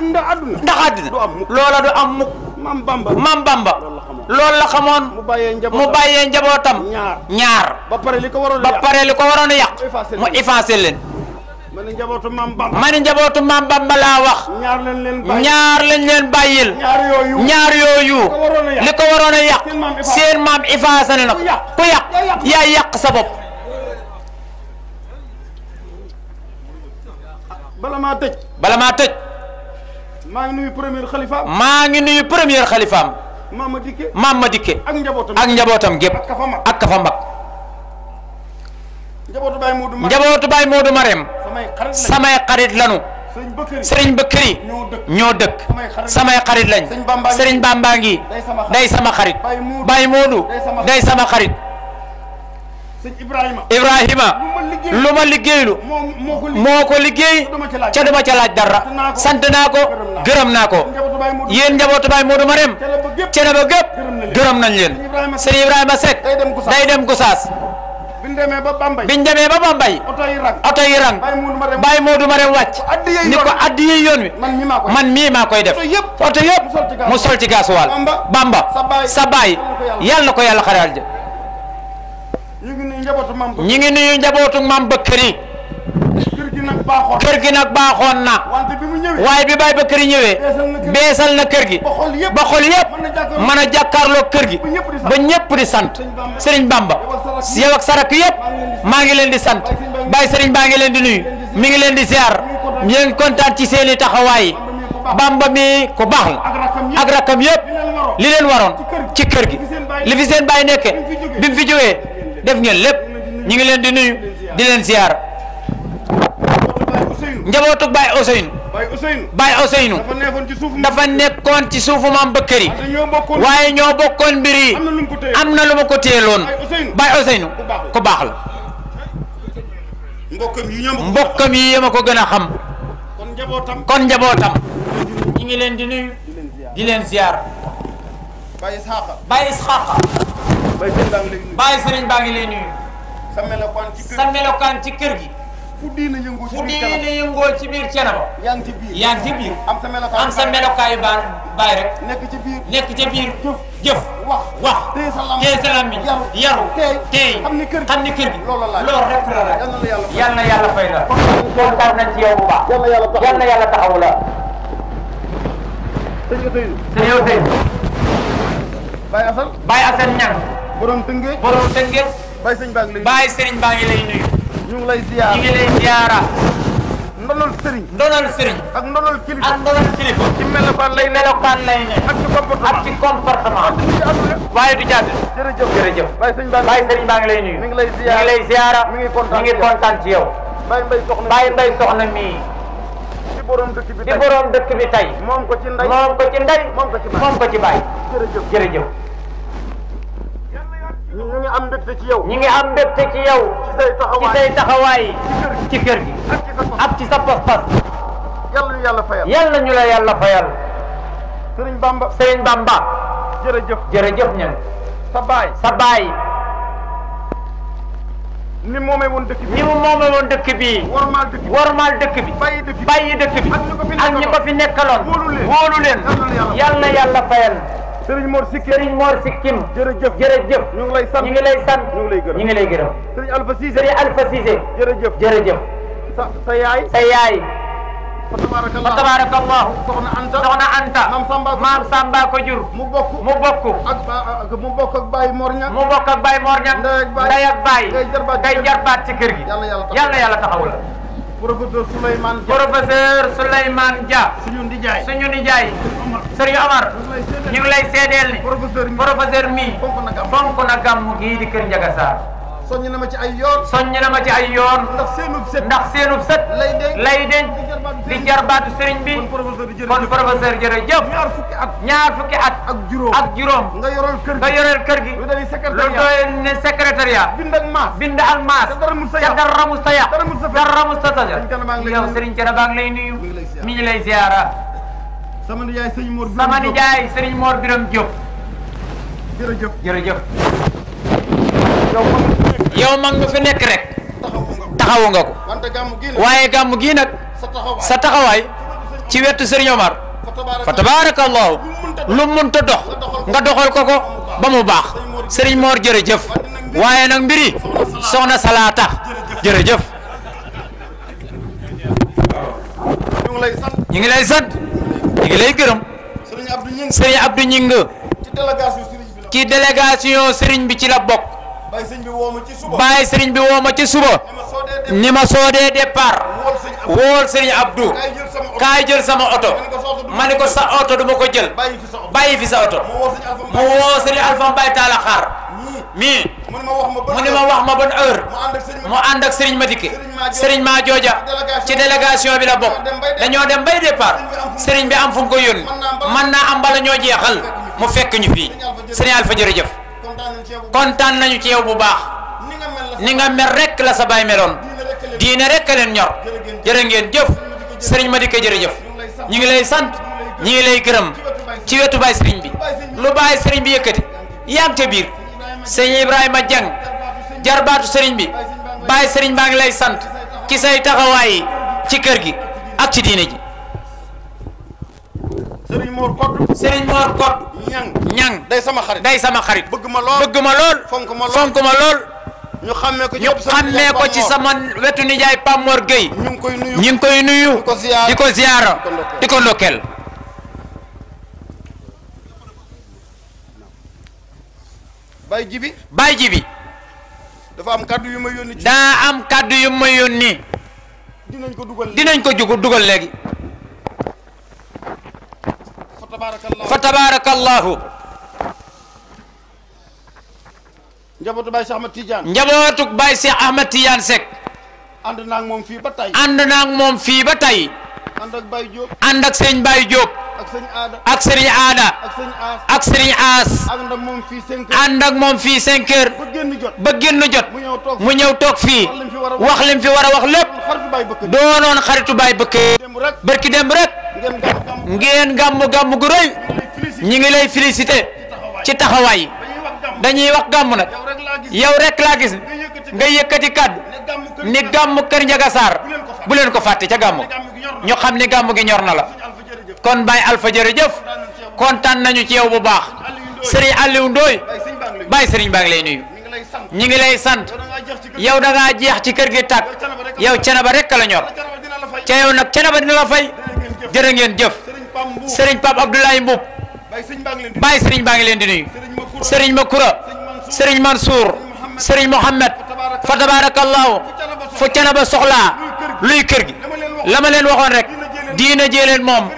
ndax àdduna. am mukk loola du am mukk. maam Bamba maam Bamba. loolu la xamoon mu bàyyee njabootam njabootam. ñaar ba pare ko waroon a yàq ba pare li ko waroon mu effacé leen. ma ne njabootu maam Bamba ma ne ñaar leen leen bàyyil. ñaar yooyu li ko waroon a seen maam ifaasa na ku yàq yaa yàq sa bopp. maa ngi nuyu premier xalifaam. maa ngi nuyu premier xalifaam. maam ma dikke. maam ma dikke. ak njabootam ak ak kafa mag. njabootu baay Moodu Marème samay xarit lañu sëriñ Bëkkëri ñoo dëkk samay xarit lañ sëriñ Bamba ngi day sama xarit baay Moodu day sama xarit Ibrahima lu ma liggéeylu moo ko liggéey ca duma ca laaj dara sant naa ko gërëm naa ko yéen njabootu baay Moodu Marème cene ba gépp gërëm nañ leen sëriñ Ibrahima Seck day dem Gosaas biñ demee ba Bambay biñ demee ba Bambay. oto yi rang oto yi rang. bàyyi Moodu Marème wàcc. ni ko addiye yoon wi man mii maa koy def. oto yëpp mu sol ci gaasuwaal. Bamba sa baay na ko yàlla xaral ja. ñu ngi nuyu njabootu maam Bëkkëri. kër gi nag baaxoon na waaye bi Baye Bakary ñëwee beesal na kër gi ba xol yëpp mën a jàkkaarloo kër gi ba ñëpp di sant Serigne Bamba yow ak sarak yëpp maa ngi leen di sant Baye Serigne baa ngi leen di nuy mi ngi leen di ziar yéen kontaan ci seen i taxawaay Bamba mi ku baax la ak rakam yëpp li leen waroon ci kër gi li fi seen bàyyi nekke bi mu fi jógee def ngeen lépp ñu ngi leen di nuyu di leen ziar. njabootu Baye Ousseynou. Baye Ousseynou. dafa nekkoon ci suufu maam Bakari. waaye ñoo bokkoon mbir yi. am na lu ma ko téye loon. Baye Ousseynou ku baax la. mbokkam yi yéen a ko gën a xam. kon njabootam. ñi ngi leen di nuyu. di leen baa ngi lay nuyu. kër gi. fu diina yëngoo ci biir fu diina yëngoo ci biir Thiénaba. yaa ngi ci biir am sa melokaayu am sa melokaayu baa baay rek. nekk ci biir nekk ci biir. jëf jëf wax wax. salaam tey salaam bi yaru yaru tey xam ni kër gi xam ni kër gi. loolu yal na yàlla fay la. kontaan nañ ci yow bu baax. yal na yàlla yàlla taxawu la. sëñ Ousseynou. sëñ Ousseynou. Baye Assane. Baye Tëngéej borom Tëngéej. Baye lay nuyu. ñu ngi lay ziyaara ñu ngi lay ziyaara. ndolol sëriñ. ndolol sëriñ. ak ndolol kilifa ak ndolol kilifa. ci melokaan lay melokaan lay ne. ak ci comportement ak ci comportement. waaye du jàdd. jërëjëf jërëjëf. waaye sëriñ baa ngi waaye sëriñ baa ngi lay nuyu. mi ngi lay ziyaara mi ngi lay ziyaara. mi ngi kontaan mi ngi kontaan ci yow. Baye Mbaye soxna Baye Mbaye soxna mii. di borom dëkk bi tey di borom dëkk bi tey. moom ko ci ndey moom ko ci ndey. moom ko ci baay moom ko ci baay. jërëjëf jërëjëf. ñu ngi am ci yow. ñu ngi am mbégte ci yow. ci say ci kër gi. ci sa pas-pas. yàlla ñu yàlla yàlla ñu la yàlla fayal. Sëriñ Bamba Sëriñ Bamba. jërëjëf ñan. sa baay ni mu moomee dëkk bi ni mu moomee woon dëkk bi warmaal dëkk bi warmaal dëkk ko fi nekkaloon wóolu leen wóolu leen fayal. Serigne Mor Sikkim Serigne Mor Sikkim. jërëjëf jërëjëf. ñu ngi lay sant ñu ngi lay sant. ñu ngi lay gërëm ñu ngi lay gërëm. Serigne Alpha Cissé Serigne Alpha Cissé. jërëjëf jërëjëf. sa sa yaay. sa yaay. fa tabarakallahu soxna Anta soxna Anta. maam Samba maam Samba ko jur. mu bokk mu bokk. ak mu bokk ak Baye Morña. mu bokk ak Baye Morña. Ndeye ak Baye Ndeye ak Baye. ngay jarbaat ci kër gi yàlla yàlla taxawul professeur Souleymane Dia professeur Souleymane Dia. suñu nijaay suñu nijaay. Serigne Omar ñu ngi lay seedeel ni. professeur mi professeur mi fonk na gàmmu gii di Kër Ndiaga Sarr. soññ na ma ci ay yoon soññ na ma ci ay yoon ndax seenub sët ndax seenub sët lay denc lay denc di bi kon professeur jërëjëf ñaar fukki at ñaar fukki at ak juróom ak juróom nga yoreel kër gi nga kër gi lu doy ne secrétariat bind ak maas bind ak maas ca dara mu sa yàq dara mu sa tajal yow sëriñ Thiénaba baa ngi lay nuyu mi ngi lay ziara sama nijaay sëriñ Mor sama nijaay sëriñ Mor Biram Diop jërëjëf jërëjëf yow mag nga fi nekk rek taxawu nga ko waaye gàmm gii nag sa taxawaay ci wetu Sëriñ Omar fa tabaarakallaahu lu munta dox nga doxal ko ko ba mu baax Sëriñ Mor jërëjëf waaye nag mbiri soxna Salaata jërëjëf ñu ngi lay sant ñu ngi lay gërëm Sëriñ Abdou Ñing ci délégation Sëriñ bi ci la bokk bàyyi sëriñ bi woo ma ci suba ni ma soodee départ wool sëriñ Abdou kaay jël sama oto ma ni ko sa oto du ma ko jël bàyyi fi sa oto mu woo sëriñ Alpha Mbaye Talla xaar mii mu ni ma wax ma ban heure mu ànd ak sëriñ ma dikke sëriñ maa jooja ci délégation bi la bokk dañoo dem bay départ sëriñ bi am fu mu ko yónni mën naa am bala ñoo jeexal mu fekk ñu fii sëriñ Alpha jërëjëf kontaan nañu ci yow bu baax ni nga mel rek la sa baay meloon diine rek leen ñor jërë ngeen jëf sëriñ Madické jërëjëf ñi ngi lay sant ñu ngi lay gërëm ci wetu baay sëriñ bi lu baay sëriñ bi yëkkati yaa ngi ca biir sëriñ Ibrahima Dieng jarbaatu sëriñ bi baay sëriñ baa ngi lay sant ki say taxawaay yi ci kër gi ak ci diine ji Serigne Mor Kott. Serigne Mor Kott. ñang ñang day sama xarit day sama xarit. bëgg ma lool fonk ma lool ñu xàmmee ko ci ko ci sama wetu nijaay Pape Mor Gueye. ñu ngi koy nuyu ñu koy nuyu. di ko ziyaara di ko ndokkeel Baye Jibi Baye Jibi. dafa am kaddu yu ma yónni. daa am kaddu yu ma yónni. dinañ ko dugal dinañ ko dugal léegi. fa tabaarakallaahu njabootu Baye Cheikh Ahmed Tidiane. njabootu Baye Cheikh Ahmed Tidiane Seck. ànd naa ak moom fii ba tey. ànd naa ak moom fii ba tey. ànd ak Baye Diop. ànd ak sëñ Baye Diop. ak sëñ Aada. ak sëñ Aada. ak sëñ Aas. ànd ak moom fii 5 heures. ànd ak moom fii 5 heures. ba génn jot. ba génn jot. mu ñëw toog fii. wax lim fi war a wax lépp. doonoon xaritu Baye Bëkkër. barki dem rek. ngeen gàmm gàmm gu rëy ñi ngi lay félicité ci taxawaay dañuy wax gàmm nag yaw rek laa gis nga yëkkati kàddu ni gàmm Kër Ndiaga Sarr bu leen ko fàtte ca gàmm ñu xam ni gàmm gi ñor na la kon Baye Alpha jërëjëf kontaan nañu ci yow bu baax Serigne Aliou Ndoye Baye Serigne baa ngi lay nuyu ñi ngi lay sant yow da ngaa jeex ci kër gi tàkk yow cana ba rek la ñor ca yow nag cana ba dina la fay. jërë ngeen jëf sëriñ Pape Abdoulaye Mboup bàyyi sëriñ baa ngi leen di nuyu sëriñ Makura sëriñ Mansour sëriñ Mohamed fa tabaarakallaahu fu canaba soxlaa luy kër gi la ma leen waxoon rek diina jee leen moom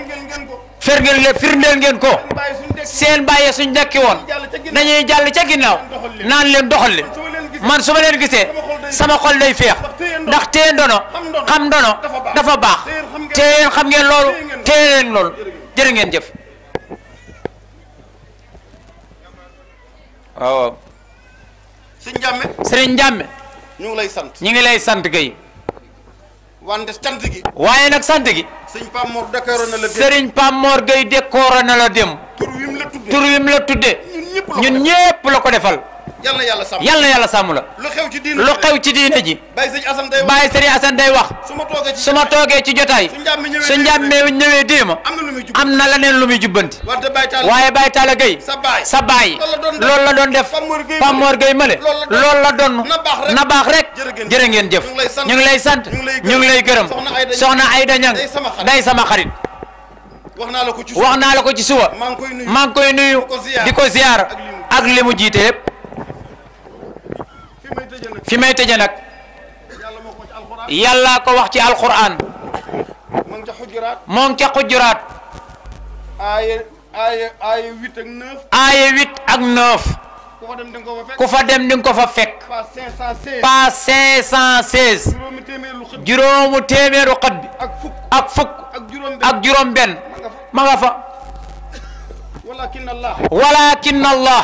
fer ngeen leen firndeel ngeen ko seen bàyyee suñ nekki woon nañuy jàll ca ginnaaw naan leen doxal leen man su ma leen gisee sama xol day féex ndax téye ndono xam ndono dafa baax téye yéen xam ngeen loolu téye leen loolu jërë ngeen jëf waaw. sëñ Njàmme sëriñ Njàmme ñu ngi lay sant ñu ngi lay sant gay wante sant gi. waaye nag sant gi. sëriñ Pape Mor décoré na la démb sëriñ Pape Mor Gueye la démb. tur wi mu la la ñun ñëpp la ko defal. yal na yàlla sàmm yal na yàlla sàmm la. lu xew ci diine ji lu xew ci diine ji. Baye Sëriñ Assane day wax Baye Sëriñ Assane day wax. su ma toogee ci su ma toogee ci jotaay. su njàmmee ñëwee déema. am na lu muy jubbanti am na leneen lu muy jubbanti. waaye Baye Talla Gueye. sa baay sa baay. loolu la doon def Pamor Gueye Male. loolu la doon na baax rek. jërë ngeen jëf ñu ngi lay sant ñu ngi lay gërëm soxna Ayda Ñang day sama xarit. wax naa la ko ci suba maa ngi koy nuyu di ko ziyaar ak li mu jiite yëpp fi may tëje nag yàllaa ko wax ci alquran moo ngi ca xujuraat aaye aaye ak neuf aaye huit ak neuf ku fa dem di ko fa fekk pas cinq cent seize juróomu téeméeru xët bi ak fukk ak juróom benn ma walakin allah walakin allah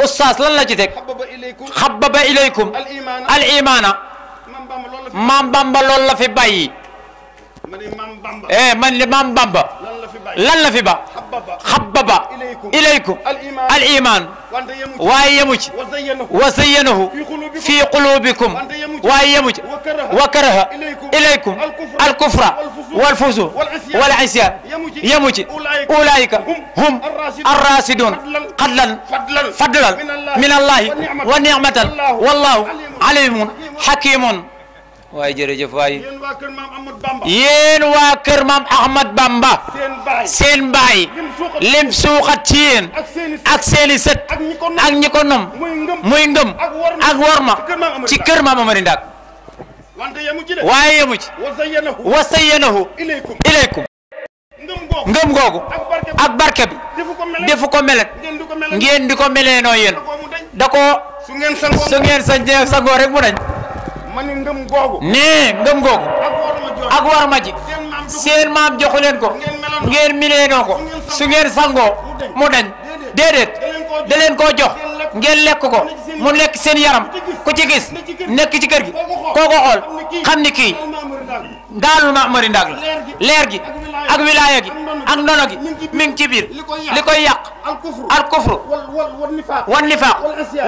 ustaas lan la ci teg xababa ilaykum al imaana maam bamba loolu la fi bàyyi eh man li maam bamba eh, lan la fi ba xabbaba ilaykum al iman waaye yemu ci wa zayyanahu fi qulubikum waaye yemu ci wa karaha ilaykum al kufra wal fusuq wal isyan yemu ci ulaika hum arrasidun qadlan fadlan min allahi wa nicmatan wallahu alimun hakimun waaye jërëjëf waay yéen waa kër maam Ahmad Bamba yéen waa kër maam Ahmad Bamba seen baay lim suuxat ci yéen ak seen i sët ak ñi ko nom muy ngëm ak warma ci kër maam Amari Ndaak waaye yemu ci wa sayyanahu ilaykum ngëm googu ak barke bi defu ko melet ngeen di ko melee noo yéen da ko su ngeen sangoo rek mu dañ ma ne ngëm googu. nee ngëm googu. ak war ma ji. seen maam joxu leen ko. ngeen mileenoo ko. su ngeen sangoo mu dañ. déedéet da leen koo jox ngeen lekk ko mu nekk seen yaram ku ci gis nekk ci kër gi koo ko xool xam ni kii gaalu ma mari ndaag la leer gi ak wilaaya gi ak ndono gi mi ngi biir li koy yàq al kufru wan nifaaq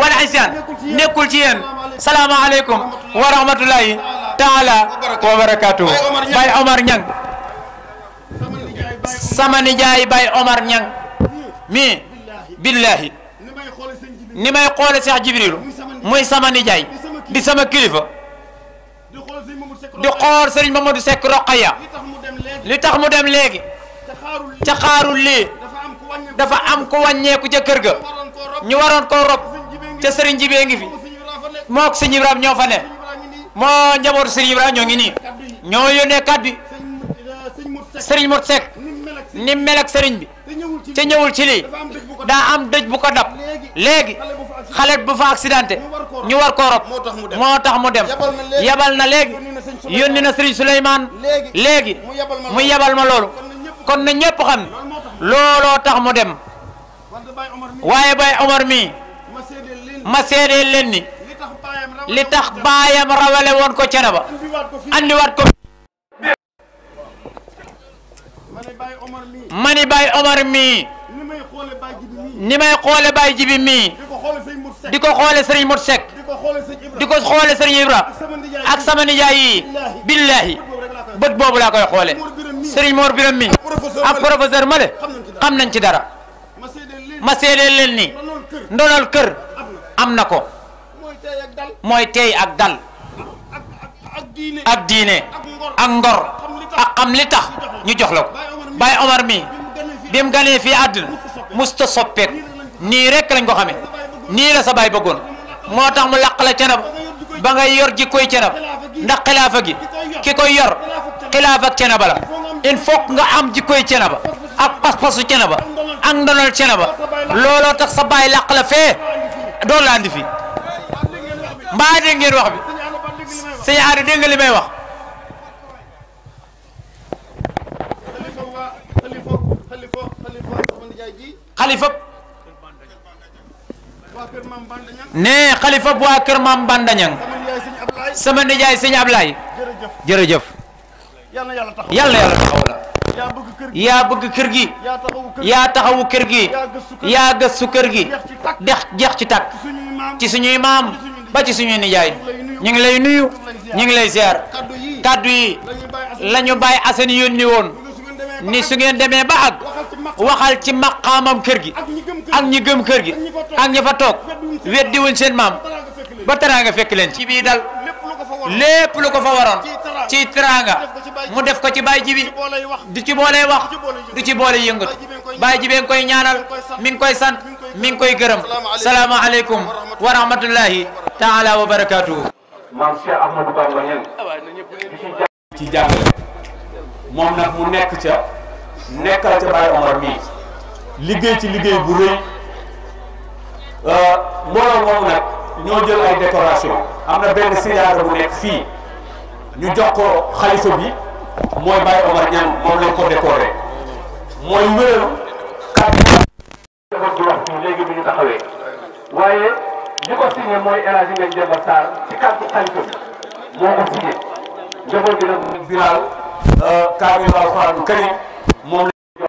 wal isyaan nekkul ci yéen salaamaaleykum wa rahmatullahi taala wa barakaatuhu Baye Omar sama nijaay Baye Omar Niang mi billahi ni may xoole Cheikh Jibril muy sama nijaay di sama kilifa di seriñ Serigne Mamadou Seck Roqaya li tax mu dem léegi ca xaarul lii dafa am ku wàññeeku ca kër ga ñu waroon koo rob ca Serigne Jibee ngi fi mook Serigne Ibrahima ñoo fa ne moo njabootu Serigne Ibrahima ñoo ngi nii ñoo yónnee kat bi Serigne Modou Seck ni mel ak sëriñ bi te ñëwul ci lii daa am dëj bu ko dab léegi xale bu fa accidenté ñu war koo rob moo tax mu dem yebal na léegi yónni na sëriñ Souleymane léegi mu yabal ma loolu kon na ñëpp xam ne looloo tax mu dem waaye bay Omar mii ma seedeel leen ni li tax baayam rawale woon ko cene ba andiwaat ko ma ni Baye Omar mii ni may xoole Baye Jibi mii di ko xoole Serigne Mot Seck di ko xoole Serigne Ibra ak sama nijaay yi billaahi bët boobu laa koy xoole Serigne Mor Biram mii ak professeur Male xam nañ ci dara ma seedeel leen ni ndonal kër am na ko mooy teey ak dal ak diine ak ngor ak xam li tax ñu jox la ko Baye Omar mi bi mu ganee fii àddina musta soppeek nii rek lañ ko xamee nii la sa baay bëggoon moo tax mu laq la cenab ba nga yor jikkoy cenab ndax xilaafa gi ki koy yor xilaaf ak cenaba la il faut nga am jikkoy cenaba ak pas-pasu cenaba ak ndonol cenaba looloo tax sa baay laq la fee doo la fi mbaa dégg ngeen wax bi sëñ aada dégg wax xalifa nee xalifa bu waa kër maam Bandañang sama nijaay sëñ Ablaay jërëjëf yàlla yàlla taxaw la yaa bëgg kër gi yaa taxawu kër gi yaa gëstu kër gi dex jeex ci tàkk ci suñuy maam ba ci suñu nijaay ñu ngi lay nuyu ñu ngi lay ziar kaddu yi la ñu bàyyi Assane yónni woon ni su ngeen demee ba ak waxal ci maqaamam kër gi ak ñi gëm kër gi ak ñi fa toog weddi wuñ seen maam ba nga fekk leen ci biir dal lépp lu ko fa waroon ci teraanga mu def ko ci baay ji bi du ci boolee wax du ci boole yëngatu baay ji bee ngi koy ñaanal mi ngi koy sant mi ngi koy gërëm salaamaaleykum wa rahmatullahi taala wa barakaatuhu. maam Cheikh Ahmadou Bamba ñen ci jàngale moom nag mu nekk ca nekkal ca Baye Omar mii liggéey ci liggéey bu rëy. mbooloo euh, moomu nag ñoo jël ay décoration am na benn siyaara bu nekk fii ñu jox ko xalifa bi mooy Baye Omar Niang moom lañ ko décoré mooy wéral kàddu defoon ci wax bi léegi bi gi nag bilaal euh, kaamil alxuraan karim moom lañ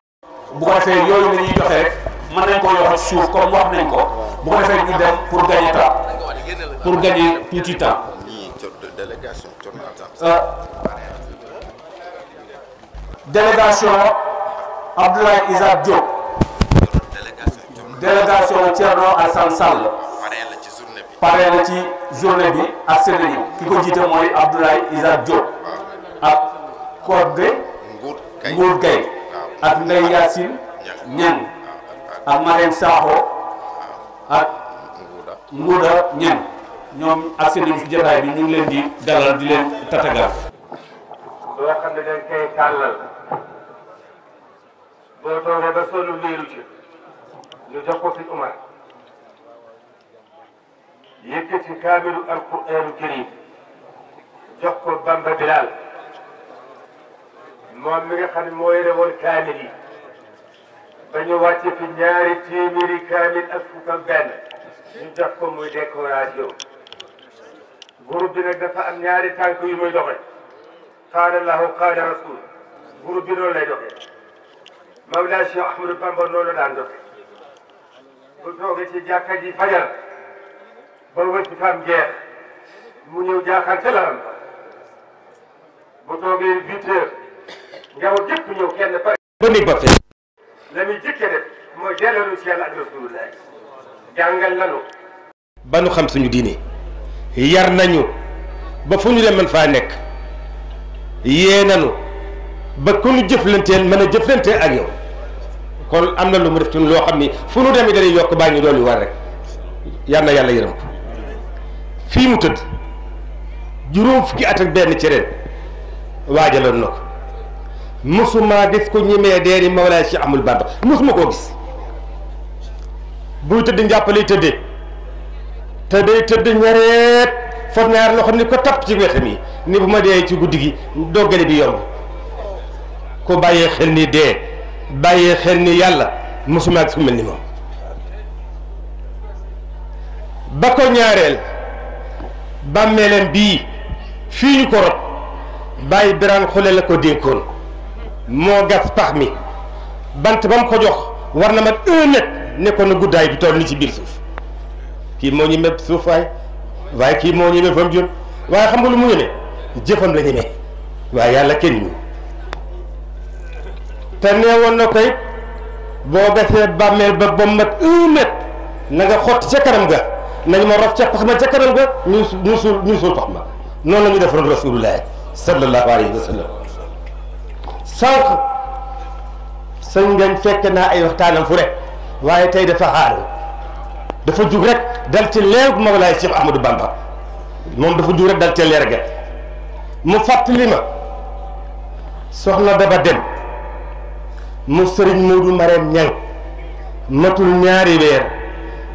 jox rek mën nañ koo yor suuf comme wax nañ ko bu ko defee ñu dem pour gagner temps pour gagner tuuti temps. Euh, délégation Abdoulaye Issa Diop délégation Thierno Alassane Sall pare la ci journée bi ak séddale ki ko jiite mooy Abdoulaye Issa Diop ak Codé Nguur Guèye ak Ndeye Yacine Niang. ak Marème Sakho ak Mouda ñen ñoom ak seen si jotaay bi ñu ngi leen di dalal di leen tatagal loo xam ne dañ koy tàllal boo toogee ba solu liiru ci ñu jox ko fi Umar yëkkati kaamilu alquraanu karim jox ko Bamba Bilal moom mi nga xam ne moo yore woon kaamil yi ba ñu wàcc fi ñaari téeméeri kaamil ak fukk ak benn ñu def ko muy décoration groupe bi nag dafa am ñaari tànk yu muy doxe qaala Allahu qaala rasul groupe bi noonu lay doxe Mawlaa Cheikh Ahmadou Bamba noonu daan doxe bu toogee ci jàkka ji fajar ba wasifaam jeex mu ñëw jaaxal ca laram bu toogee huit heures njaw jëpp ñëw kenn pare ba néeg ba fee la muy jëkkee def ba nu xam suñu diine yar nañu ba fu ñu dem mën faa nekk yee nañu ba ku ñu jëflanteel mën a jëflanteel ak yow kon am na lu mu def tun loo xam ni fu nu demee dañuy yokk baa ñu dool yu war rek yar na yàlla yërëm ko fii mu tëdd juróom fukki at ak benn ci ren waajaloon na ko musuma gis ku ñemee deeri Mawlaay Cheikh Ahmadou Bamba musuma koo gis buy tëdd njàppale tëddee te day tëdd ñareet for ñaar loo xam ne ko tapp ci wetam yi ni bu ma dee ci guddi gi doggale bi yomb ku bàyyee xel ni dee bàyyee xel ni yàlla musuma gis ku mel ni moom ba ko ñaareel bàmmeelam bii fii ñu ko rob bàyyi biraan xule la ko dénkoon moo gas pax mi bant ba mu ko jox war na mat un mètre nekkoon na guddaay bi toll ni ci biir suuf kii moo ñu suuf waaye waaye kii moo ñemee fa mu jëm waaye xam nga lu mu ñemee jëfam lañu ñemee waaye yàlla kenn ñu te woon na koy boo gasee bàmmeel ba ba mat un mètre na nga xotti ca kanam ga nañ ma rof ca pax ma ca kanam ga ñu ñu suul ñu suul pax ma noonu la ñu defaroon rasulullah sallallahu alayhi wa sallam sànq sëñ ngañ fekk naa ay waxtaanam fu rek waaye tey dafa xaar dafa jug rek dal ci leer bu Mawlaay Cheikh Ahmadou Bamba moom dafa jug rek dal ci leer ga mu fàttali ma soxna daba dem mu sëriñ Moodu Mareem Ñang matul ñaari weer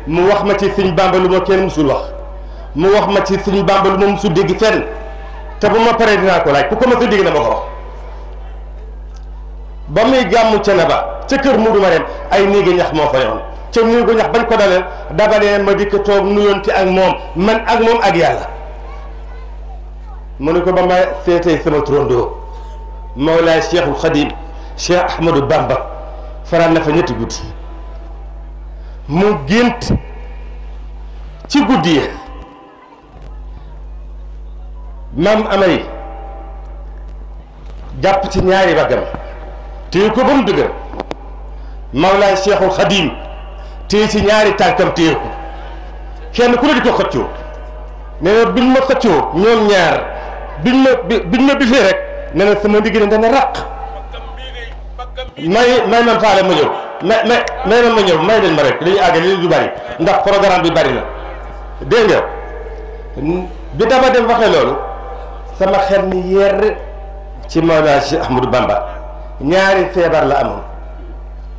mu wax ma ci sëñ Bamba lu ma kenn musul wax mu wax ma ci sëñ Bamba lu ma musul dégg fenn te bu ma paree dinaa ko laaj ku ko ma sa dégg na ma ko wax ba muy gàmmu Cenaba ca kër Mudu Marème ay néegi ñax moo fa yoon ca néegu ñax bañ ko daleel dabalee ma dikk toog ci ak moom man ak moom ak yàlla mu ne ko ba ma seetee sama turandoo Mawlaay Cheikhul Khadim Cheikh Ahmadou Bamba faral na fa ñetti guddi mu gént ci guddi yi maam amari jàpp ci ñaari baggam téye ko ba mu dëgër Mawlaay Cheikhul Xadim téye ci ñaari tànkam téye ko kenn ku ne di ko xëccoo nee na biñ ma xëccoo ñoom ñaar biñ ma biñ ma bifee rek nee na sama ndigg ne dana raq may may man faale ma ñëw may may may man ma ñëw may leen ma rek li ñu àggale li du bari ndax programme bi bari na dégg nga bi dama dem waxee loolu sama xel ni yeer ci Mawlaay Cheikh Ahmadou Bamba ñaari feebar la amoon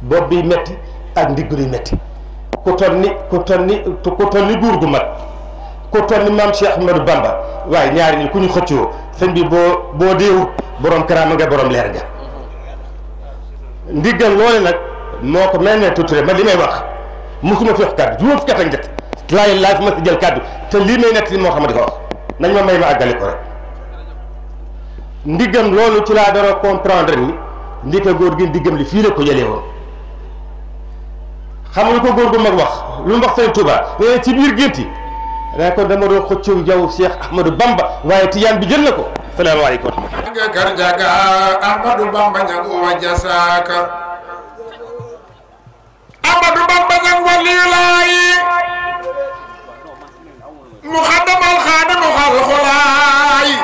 bopp bi metti ak ndigg li metti ku toll ni ku toll ni ku toll ni guur gu mag ku toll ni maam Cheikh Ahmadou Bamba waaye ñaari ñi ku ñu xëccoo sëñ bi boo boo deewut borom karaama nga borom leer nga ndiggal loole nag moo ko mel ne tuture man li may wax mosuma fi wax kàddu juróom fukki at ak njëkk laay laaj ma si jël kàddu te lii may nekk li moo xam di wax nañ ma may ma àggale ko rek ndiggam loolu ci laa dara comprendre ni ndika góor gi diggam li fii la ko jëlee woon xam nga ko góor gu mag wax lu mu wax sëñ eh, ci biir gént yi daa ko dama doon xëccoo jaww Cheikh Bamba waaye tijaan bi jël na ko salaamaaleykum nga kar jaga Ahmadou Bamba ñang wa jasaaka Ahmadou Bamba ñang wa liilaayi muxaddamal xaadamu xal xulaayi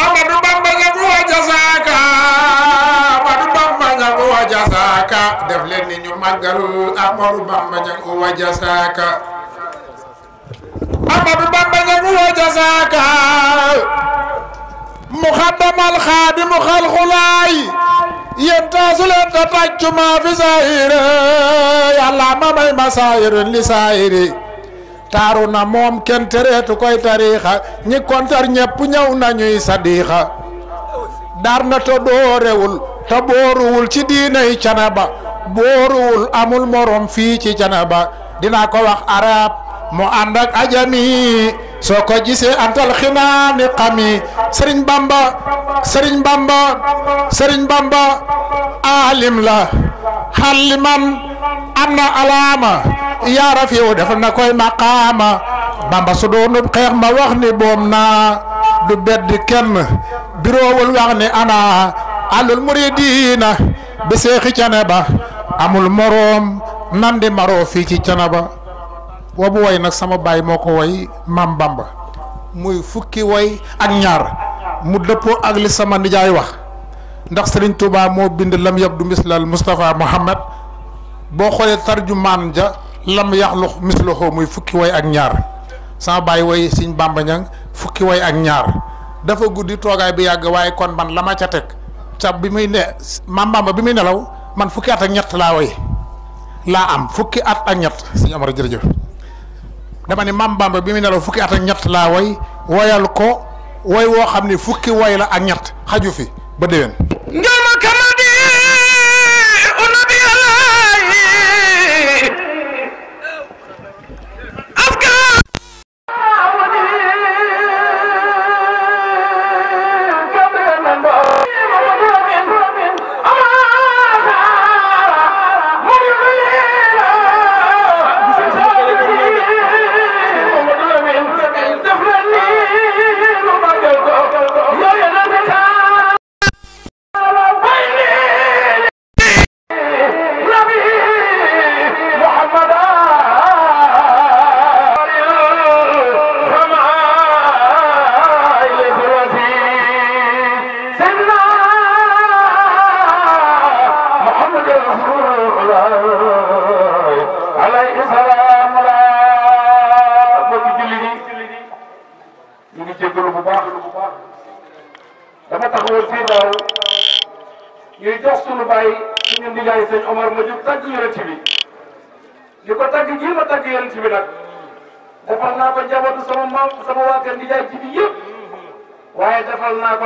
Amadou Bamba ñagu wa jasaaka Amadou Bamba ñagu wa jasaaka def leen ni ñu màggal Amadou Bamba ñagu wa jasaaka Amadou Bamba ñagu wa jasaaka muxaddamal xaadimu xalxulaay yéen taasu leen ta tàccu maa fi saayire yàlla ma may ma saayire li saayire taaru na moom kenn tereetu koy tariixa ñi kontar ñépp ñëw nañuy sadiixa daar na te doorewul te booruwul ci diinay canaba booruwul amul morom fii ci canaba dina ko wax arab mu ànd ak ajami soo ko gisee antal xinaani xami sëriñ bamba sëriñ bamba sëriñ bamba alim la alaama yaa rafiw def na koy maqaama bamba su doonub xeex ma wax ni boom naa du beddi kenn biroowul wax ni ana alul muridiina bi seexi cane ba amul moroom nan di fii ci cane ba boobu woy nag sama baay moo ko woy maam bamba muy fukki woy ak ñaar mu dëppoo ak sama nijaay wax ndax Serigne Touba moo bind lam yab du mislal Moustapha Mohamed boo xoolee tarjumaan ja lam yaxlux mislahu muy fukki woy ak ñaar sama bàyyi way siñ bàmba ñang fukki woy ak ñaar dafa guddi toogaay bi yàgg waaye kon man la ma ca teg ca bi muy ne maam bàmba bi muy nelaw man fukki at ak laa way laa am fukki at ak ñett suñu amara dama ne maam bàmba bi muy nelaw fukki at ak ñett laa woy woyal ko woy woo xam ni fukki woy la ak ñett xaju fi ba déwén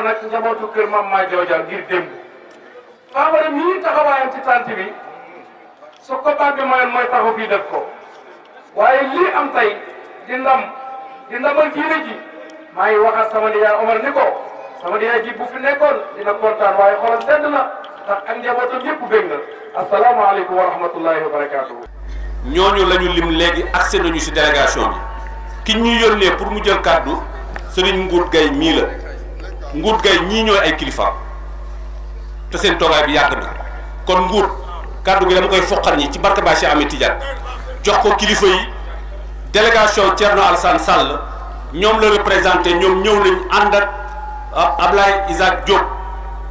nag njabootu kër maam maa jooja ngir démb Famara mii taxawaayam ci tant bi su ko baat bi mayoon taxaw fii def ko waaye lii am tey di ndam di ndamal diine ji maa ngi waxaat sama nijaay Omar ni ko sama nijaay ji bu fi nekkoon dina kontaan waaye xoolal sedd na ndax ak njabootam yëpp bëgg na asalaamaaleykum wa rahmatullahi wa barakaatu. ñooñu lañu lim léegi accès nañu si délégation bi ki ñu yónnee pour mu jël kàddu Serigne Ngout Gaye mii la. nguut gay ñii ñooy ay kilifa te seen toogaay bi yàgg na kon nguut kàddu gi dama koy foqal ñi ci barke Baye Cheikh Ahmed Tidiane jox ko kilifa yi délégation Thierno Alassane Sall ñoom la représenté ñoom ñëw nañ ànd ak ah, Ablaye Isaac Diop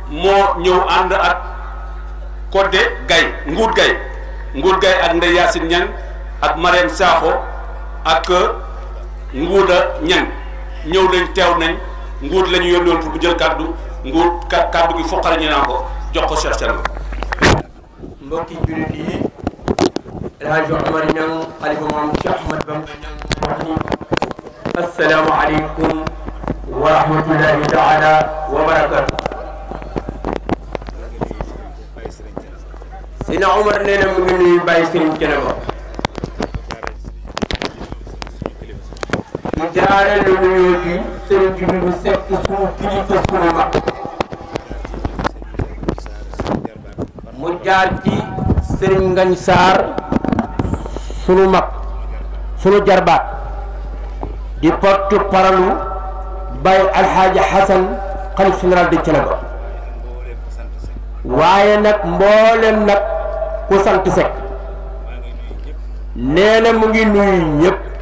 moo ñëw ànd ak Codé Gaye nguut gay nguut gay ak Ndeye Yacine Niang ak Marème Sakho ak Nguuda Niang ñëw nañ teew nañ nguut la ñu yónnoon pour bu jël kàddu nguut kàddu gi foqal ñu naan ko jox ko Cheikh mbokki jullit yi El Hadj Omar Niang xalifa moom Cheikh Ahmad Bamba Niang asalaamaaleykum wa rahmatullahi taala wa barakatu. Seydina mu jaar ci sëriñ Ngañ Saar suñu mag suñu jarbaat di porte paralu Baye Alxaaji Xasan xalif général de Thiénaba waaye nag mboolem nag ku sant Seck nee mu ngi nuyu ñëpp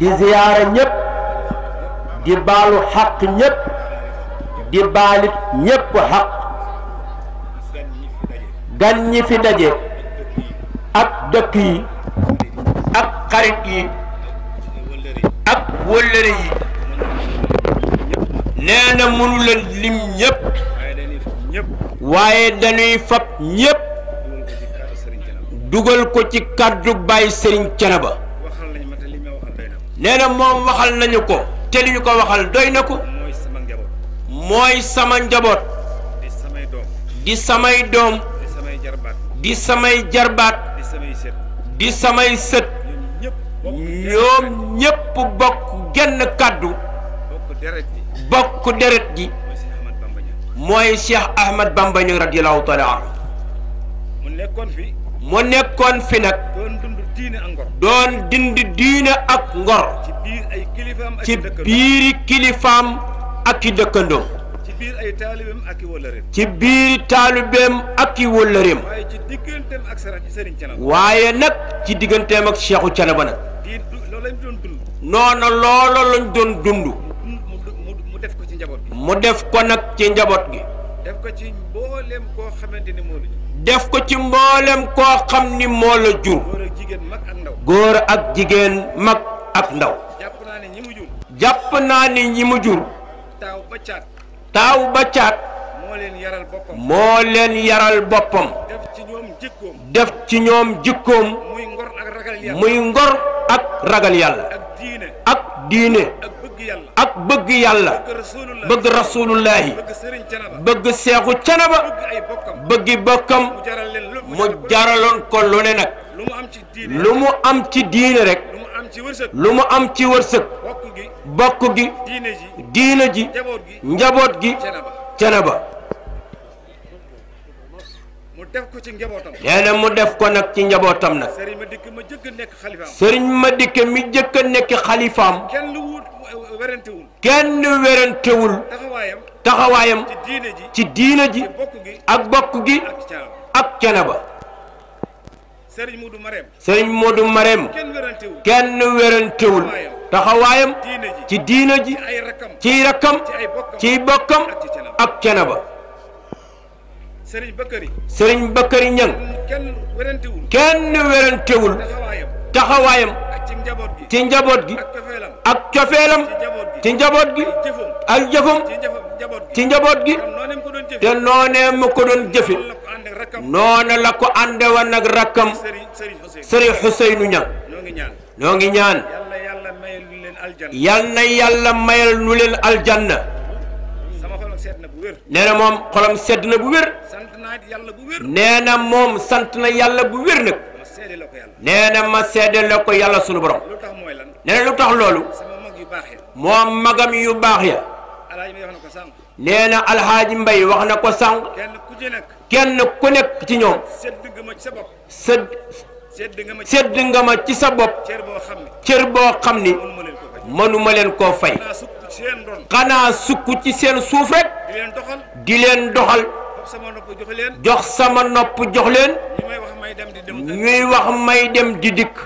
di ziyaara ñëpp di baalu xaq ñëpp di baalit ñëpp xaq gan ñi fi daje ak dëkk yi ak xarit yi ak wëllëre yi nee na mënu leen lim ñëpp waaye dañuy fab ñëpp dugal ko ci kàddu bàyyi sëriñ ba nee na moom waxal nañu ko te li ñu ko waxal doy na ko mooy sama njaboot mooy sama njaboot di samay doom di samay doom samay jarbaat di samay jarbaat di samay sët samay sët ñoom ñépp bokk genn kàddu bokk deret ji bokk deret ji mooy Cheikh Ahmad Bamba Niang radiyallahu mu nekkoon fi nag doon dund diine ak ngor dind diine ak ngor ci biir ay kilifaam ak ci biiri ak i dëkkandoo ci biir ay taalibeem ak i wëllëreem ci biiri taalibeem ak i wëllëreem waaye ci digganteem ak Serigne Thiénaba waaye nag ci digganteem ak Cheikhou Thiénaba nag loolu lañ doon dund noona loola lañ doon dund mu def ko ci njaboot gi mu def ko nag ci njaboot gi def ko ci mbooleem koo xamante ni moo def ko ci mboolem koo xam ni moo la jur góor ak jigéen mag ak ndaw jàpp naa ni ñi mu jur taaw ba caat moo leen yaral boppam def ci ñoom jikkoom muy ngor ak ragal yàlla ak diine ak bëgg yàlla bëgg rasulullahi bëgg seexu canaba bëggi bokkam mu jaraloon ko lu ne nag lu mu am ci diine rek lu mu am ci wërsëg bokk gi diine ji njaboot gi canaba def ko ci njabootam. nee na mu def ko nag ci njabootam nag. sëriñ ma dikk ma nekk xalifaam. sëriñ ma dikk mi jëkk a nekk xalifaam. kenn wut eh, werantewul. taxawaayam taxawaayam. ci diine ji ci diine ji. ak bokk gi ak canaba. Sëriñ Modou Marème Sëriñ Modou Marème kenn wérantewul taxawaayam ci diina ji ciy rakkam ciy bokkam ak cene ba sëriñ Bakary. sëriñ Bakary Ñang. kenn werantewul. kenn werantewul. taxawaayam. ci njaboot gi. ak cofeelam. ci njaboot gi. ak jëfam. ci njaboot gi. te noonee mu ko doon jëfe. noona la ko àndewoon ak rakkam. sëriñ Xuseynu Ñang. noo ngi ñaan. yal na yàlla mayal nu al aljanna. nee na moom xolam sedd na bu wér. nee na moom sant na yàlla bu wér nag. nee na ma seddal la ko yàlla sunu borom. nee na lu tax loolu. moom magam yu baax ya. nee na alxaaji mbay wax na ko sànq. kenn ku nekk ci ñoom. sedd sedd nga ma ci sa bopp. cër boo xam ni. mënuma leen koo fay xanaa sukk ci seen suuf rek di leen doxal jox sama nopp jox leen ñuy wax may dem di dikk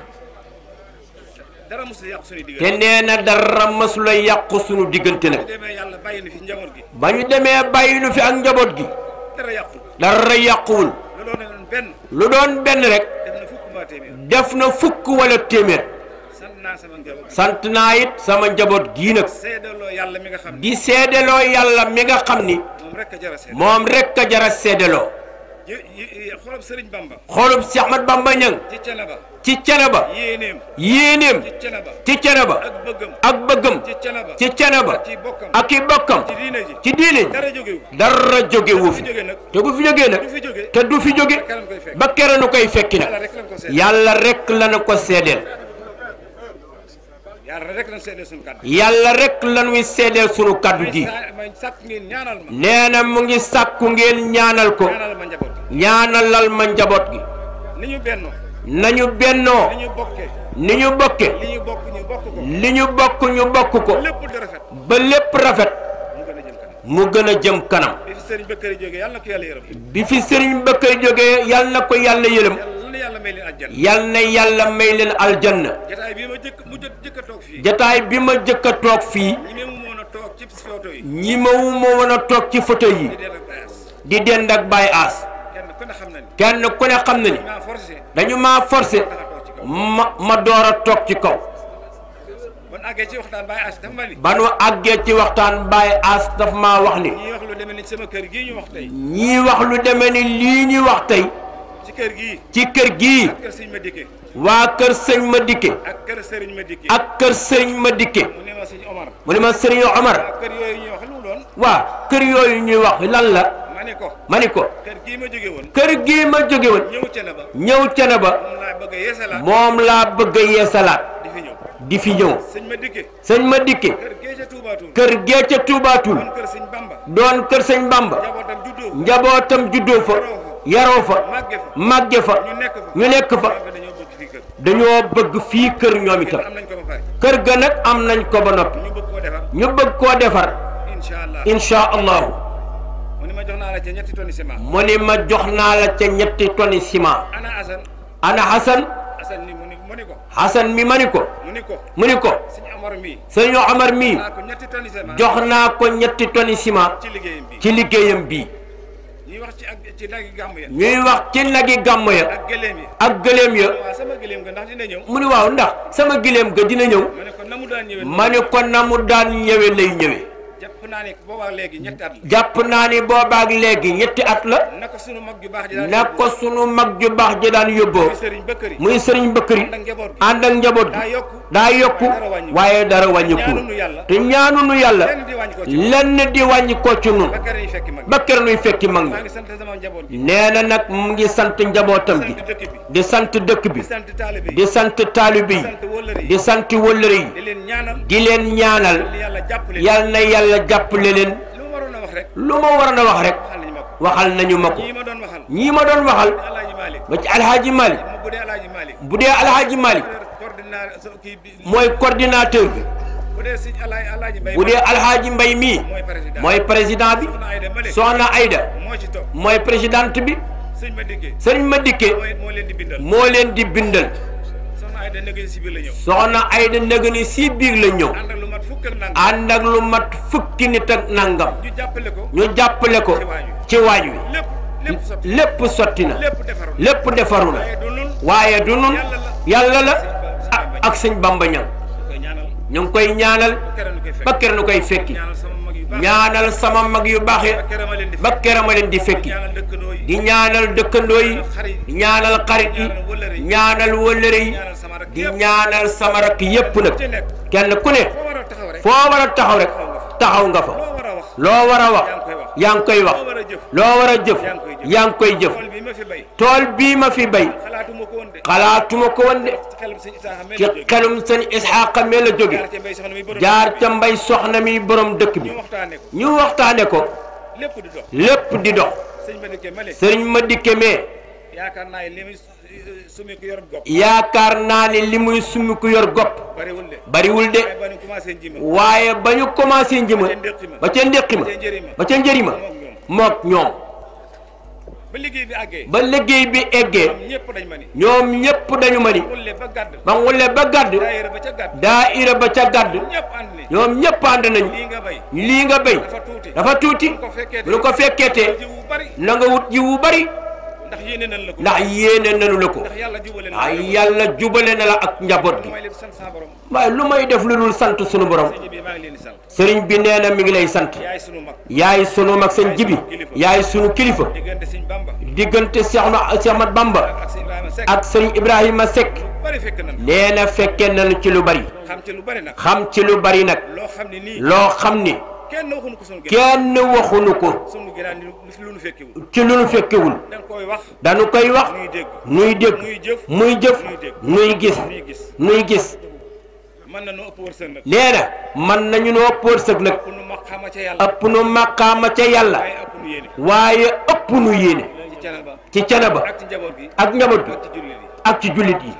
te nee na dara masula yàqu sunu diggante nag ba ñu demee bàyyi nu fi ak njaboot gi dara yàquwul lu doon benn rek def na fukk wala téeméer sant naa it sama njaboot gii nag di seedeloo yàlla mi nga xam ni moom rek a jara seedeloo xolub Serigne Bamba xolub Cheikh Ahmad Bamba ñang ci Cenaba yéeneem ci ba ak bëggam ci Cenaba ak i bokkam ci diine ji dara jóge wu fi te bu fi jógee nag te du fi jóge ba kere nu koy fekki nag yàlla rek la na ko seedeel yàlla rek lañ seedeel sunu kaddu. yàlla rek lañuy seedeel sunu kaddu gi. nee na mu ngi sàkku ngeen ñaanal ko. ñaanalal ma njaboot gi. ni ñu bennoo. nañu bennoo. ni ñu bokke. li ñu bokk ñu bokk ko. ba lépp rafet. mu gën a jëm kanam. bi fi sëriñ Bëkkër jógee yàlla na ko yàlla yërëm. yàlla may leen aljanna. yal na yàlla may leen aljanna. jotaay bi ma jëkk mu jëkk a toog fii. jotaay bi ma jëkk a toog fii. ma woon a toog ci photo yi. ñi ma woon a toog ci photo yi. di dend ak Baye Ass. kenn ku ne xam na ni. dañu maa forcé. ma ma door a toog ci kaw. ba nu àggee ci waxtaan Baye Ass dafa ma ba nu àggee ci wax ni. ñii wax lu demee ni kër gii wax lii ñu wax tey. ci kër gi ci kër gii. waa kër sëñ Madické. waa kër sëñ Madické. ak kër sëriñ Madické. ak kër sëriñ ma sëñ Omar. mu ne ma sëriñ Omar. kër yooyu ñuy wax lu doon. waa kër yooyu ñuy wax lan la. ma ni ko ma ni ko. kër gii ma jóge woon. kër gii ma jóge woon. ñëw Cenaba. ñëw Cenaba. moom laa bëgg a yeesalaat. moom laa bëgg a yeesalaat. di fi ñëw. di fi ñëw. sëñ Madické. sëñ Madické. kër gee ca Touba doon kër sëñ Bamba. njabootam juddoo fa. yaroo fa màgge fa ñu nekk fa dañoo bëgg fii kër ñoom itam kër ga nag am nañ ko ba noppi ñu bëgg koo defar insha allahu mu ni ma jox naa la ca ñetti toni ciment mu ni ma jox naa la ca ñetti toni ciment ana Hasan Hasan mi ma ni ko mu ni ko sëñ Omar mii jox naa ko ñetti toni ciment ci liggéeyam bii ñuy wax ci ak ci nag gàmm ya. ñuy wax ci nag gàmm ya. ak gëléem ya sama gëléem ga ndax dina ñëw. mu ne waaw ndax sama gëléem ga dina ñëw. ma ne ko na mu daan ñëwee. ma ne ko na mu daan ñëwee lay ñëwee. jàpp naa ne boobaag léegi ñetti at jàpp naa ne boobaag léegi ñetti at la. na ko sunu mag ju baax ji daan na ko sunu mag ju baax ji daan yóbboo. muy sëriñ bëkkëri muy sëriñ bëkkëri. ànd ak njaboot gi daa yokku waaye dara wàññikul te ñaanunu yàlla lenn di wàññi ko ci nun ba kër nuy fekki mag ñi nee na nag mu ngi sant njabootam gi di sant dëkk bi di sant taalibe yi di sant wëllëre yi di leen ñaanal yal na yàlla jàppale leen lu ma war a wax rek waxal nañu ma ko ñii ma doon waxal ba ci alhaaji Malick bu dee alhaaji Malick mooy coordinateur bi bu dee alhaaji Mbay mii mooy président bi soxna Ayda mooy présidente bi sëñ ma dikke moo leen di bindal soxna Ayda Ndegeni si biir la ñëw. ànd ak lu mat fukki nit ak nangam. ñu jàppale ko ci waaj wi. lépp sotti na lépp defaru na waaye du nun yàlla la ah, ak sëñ Bamba ñam ñu ngi koy ñaanal ba kër nu koy fekki. ñaanal sama mag yu baax yi ba keroog ma leen di fekki di ñaanal dëkkandoo yi di ñaanal xarit yi ñaanal wëllëre yi di ñaanal sama rakk yépp nag kenn ku ne foo war a taxaw rek. taxaw nga fa loo war a wax yaa ngi koy wax loo war a jëf yaa ngi koy jëf tool bii ma fi bay xalaatuma ko woon de ci xelum sëñ Isxaaqa mee la jóge jaar ca mbay soxna mi borom dëkk bi ñu waxtaane ko lépp di dox sëriñ ma dikke mee yaakaar naa ne li muy summi ku yor gopp bariwul de waaye ba ñu commencé njëma ba ca ndéqi ma ba ca njëri ma mook ñoom ba liggéey bi eggee ñoom ñépp dañu ma ni ba ngulle ba gàdd daaira ba ca gàdd ñoom ñépp ànd nañu lii nga béy dafa tuuti bu nu ko fekkeetee na nga wut jiw wu bari ndax yéene nañ la ko ndax yéene nañu la ko ay yàlla jubale na la ak njaboot gi waaye lu may def lu dul sant sunu borom sëriñ bi nee na mi ngi lay sant yaay sunu mag sëñ jibi yaay sunu kilifa diggante Seexna Seex Ahmad Bamba ak sëriñ Ibrahima Seck nee na fekkee nañu ci lu bari xam ci lu bari nag loo xam ni kenn waxunu ko sunu kenn waxunu ko. sunu ginaar lu nu fekkewul. ci lu nu fekkewul. dañ koy wax. dañu koy wax. nuy dégg muy jëf. nuy gis nuy gis. mën nañu ëpp wërsëg nag. nee na mën nañu noo ëpp wërsëg nag. ëpp nu maqaama ca yàlla. waaye ëpp nu yéene. ci canaba ak njaboot bi ak ci jullit yi.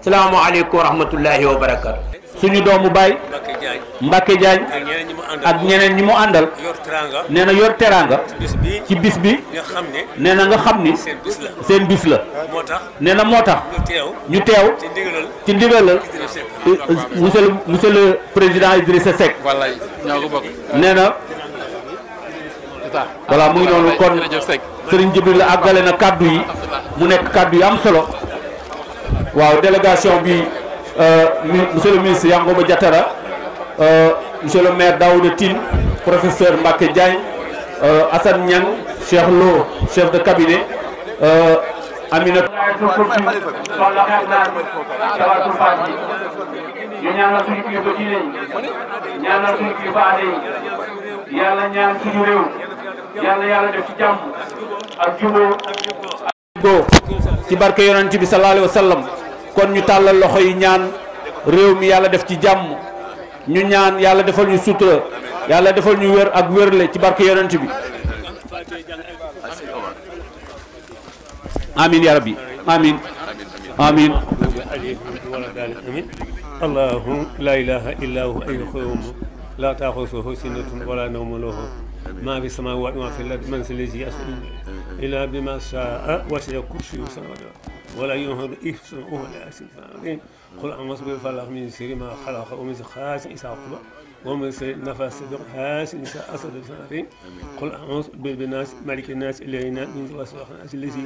salaamaaleykum wa rahmatullahi wa barakaatu. suñu doomu baay Mbacke Diagne ak ñeneen ñi mu àndal nee na yor teraanga ci bis bi nee na nga xam ni seen bis la nee na moo tax ñu teew ci ndigalal euh, monsieur le monsieur le président Idrissa Seck nee na voilà mu ngi noonu kon Serigne Djibril la àggale na kàddu yi mu nekk kàddu yi am solo waaw délégation bi. monsieur le ministre Yankoba Diatara monsieur le maire Daouda Tine professeur Mbacké Diagne Assane Niang Cheikh chef de cabinet Aminata ñu ñaanal suñu kilifa diine yi ñaanal suñu kilifa aada yi yàlla ñaan suñu réew yàlla yàlla def ci jàmm ak jubóo ci barke yonent bi sallallahu alayhi kon ñu tàllal loxo yi ñaan réew mi yàlla def ci jàmm ñu ñaan yàlla defal ñu sutura yàlla defal ñu wér ak wérle ci barke yonent bi amin ya rabbi amin amin la ilaha illa hu ay xewum la taaxusuhu sinatun wala nawmu lahu ما في السماوات وما في الارض من الذي يسال الا بما شاء وسع كرسيه السماوات ولا ينهض إفسه ولا سفاهين قل أن واصبر فالله من سير ما خلق ومن خاس إسا قبا ومن سير نفس صدق هاس إسا أسد الفارين قل أن واصبر بالناس ملك الناس إلينا من وسوق الناس الذي في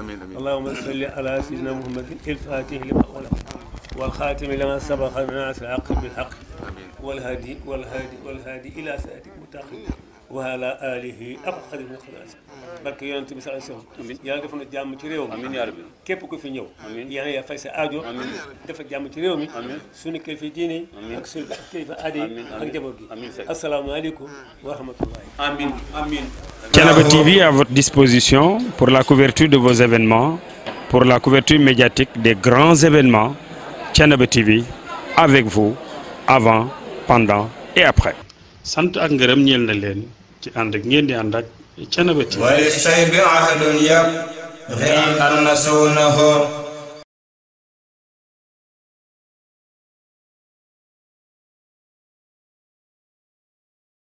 آمين آمين اللهم صل على سيدنا محمد الفاتح لما ولد والخاتم لما سبق الناس العقل بالحق والهادي والهادي والهادي إلى سادك متقين wa ala alihi ak xarit na xalaas barke yonent bi def na jàmm ci réew mi amiin ku fi ñëw yàlla yaa dafa jàmm ci réew mi suñu kilifa diine ak suñu kilifa aada yi ak jaboot gi asalaamaaleykum wa rahmatullahi TV à votre disposition pour la couverture de vos événements pour la couverture médiatique des grands événements Thiénaba TV avec vous avant pendant et après sant ak ngërëm ñeel na leen ci ànd ak ngeen di ànd ak Thiénaba TV wali say bi ahadun yab xiran annasuunahu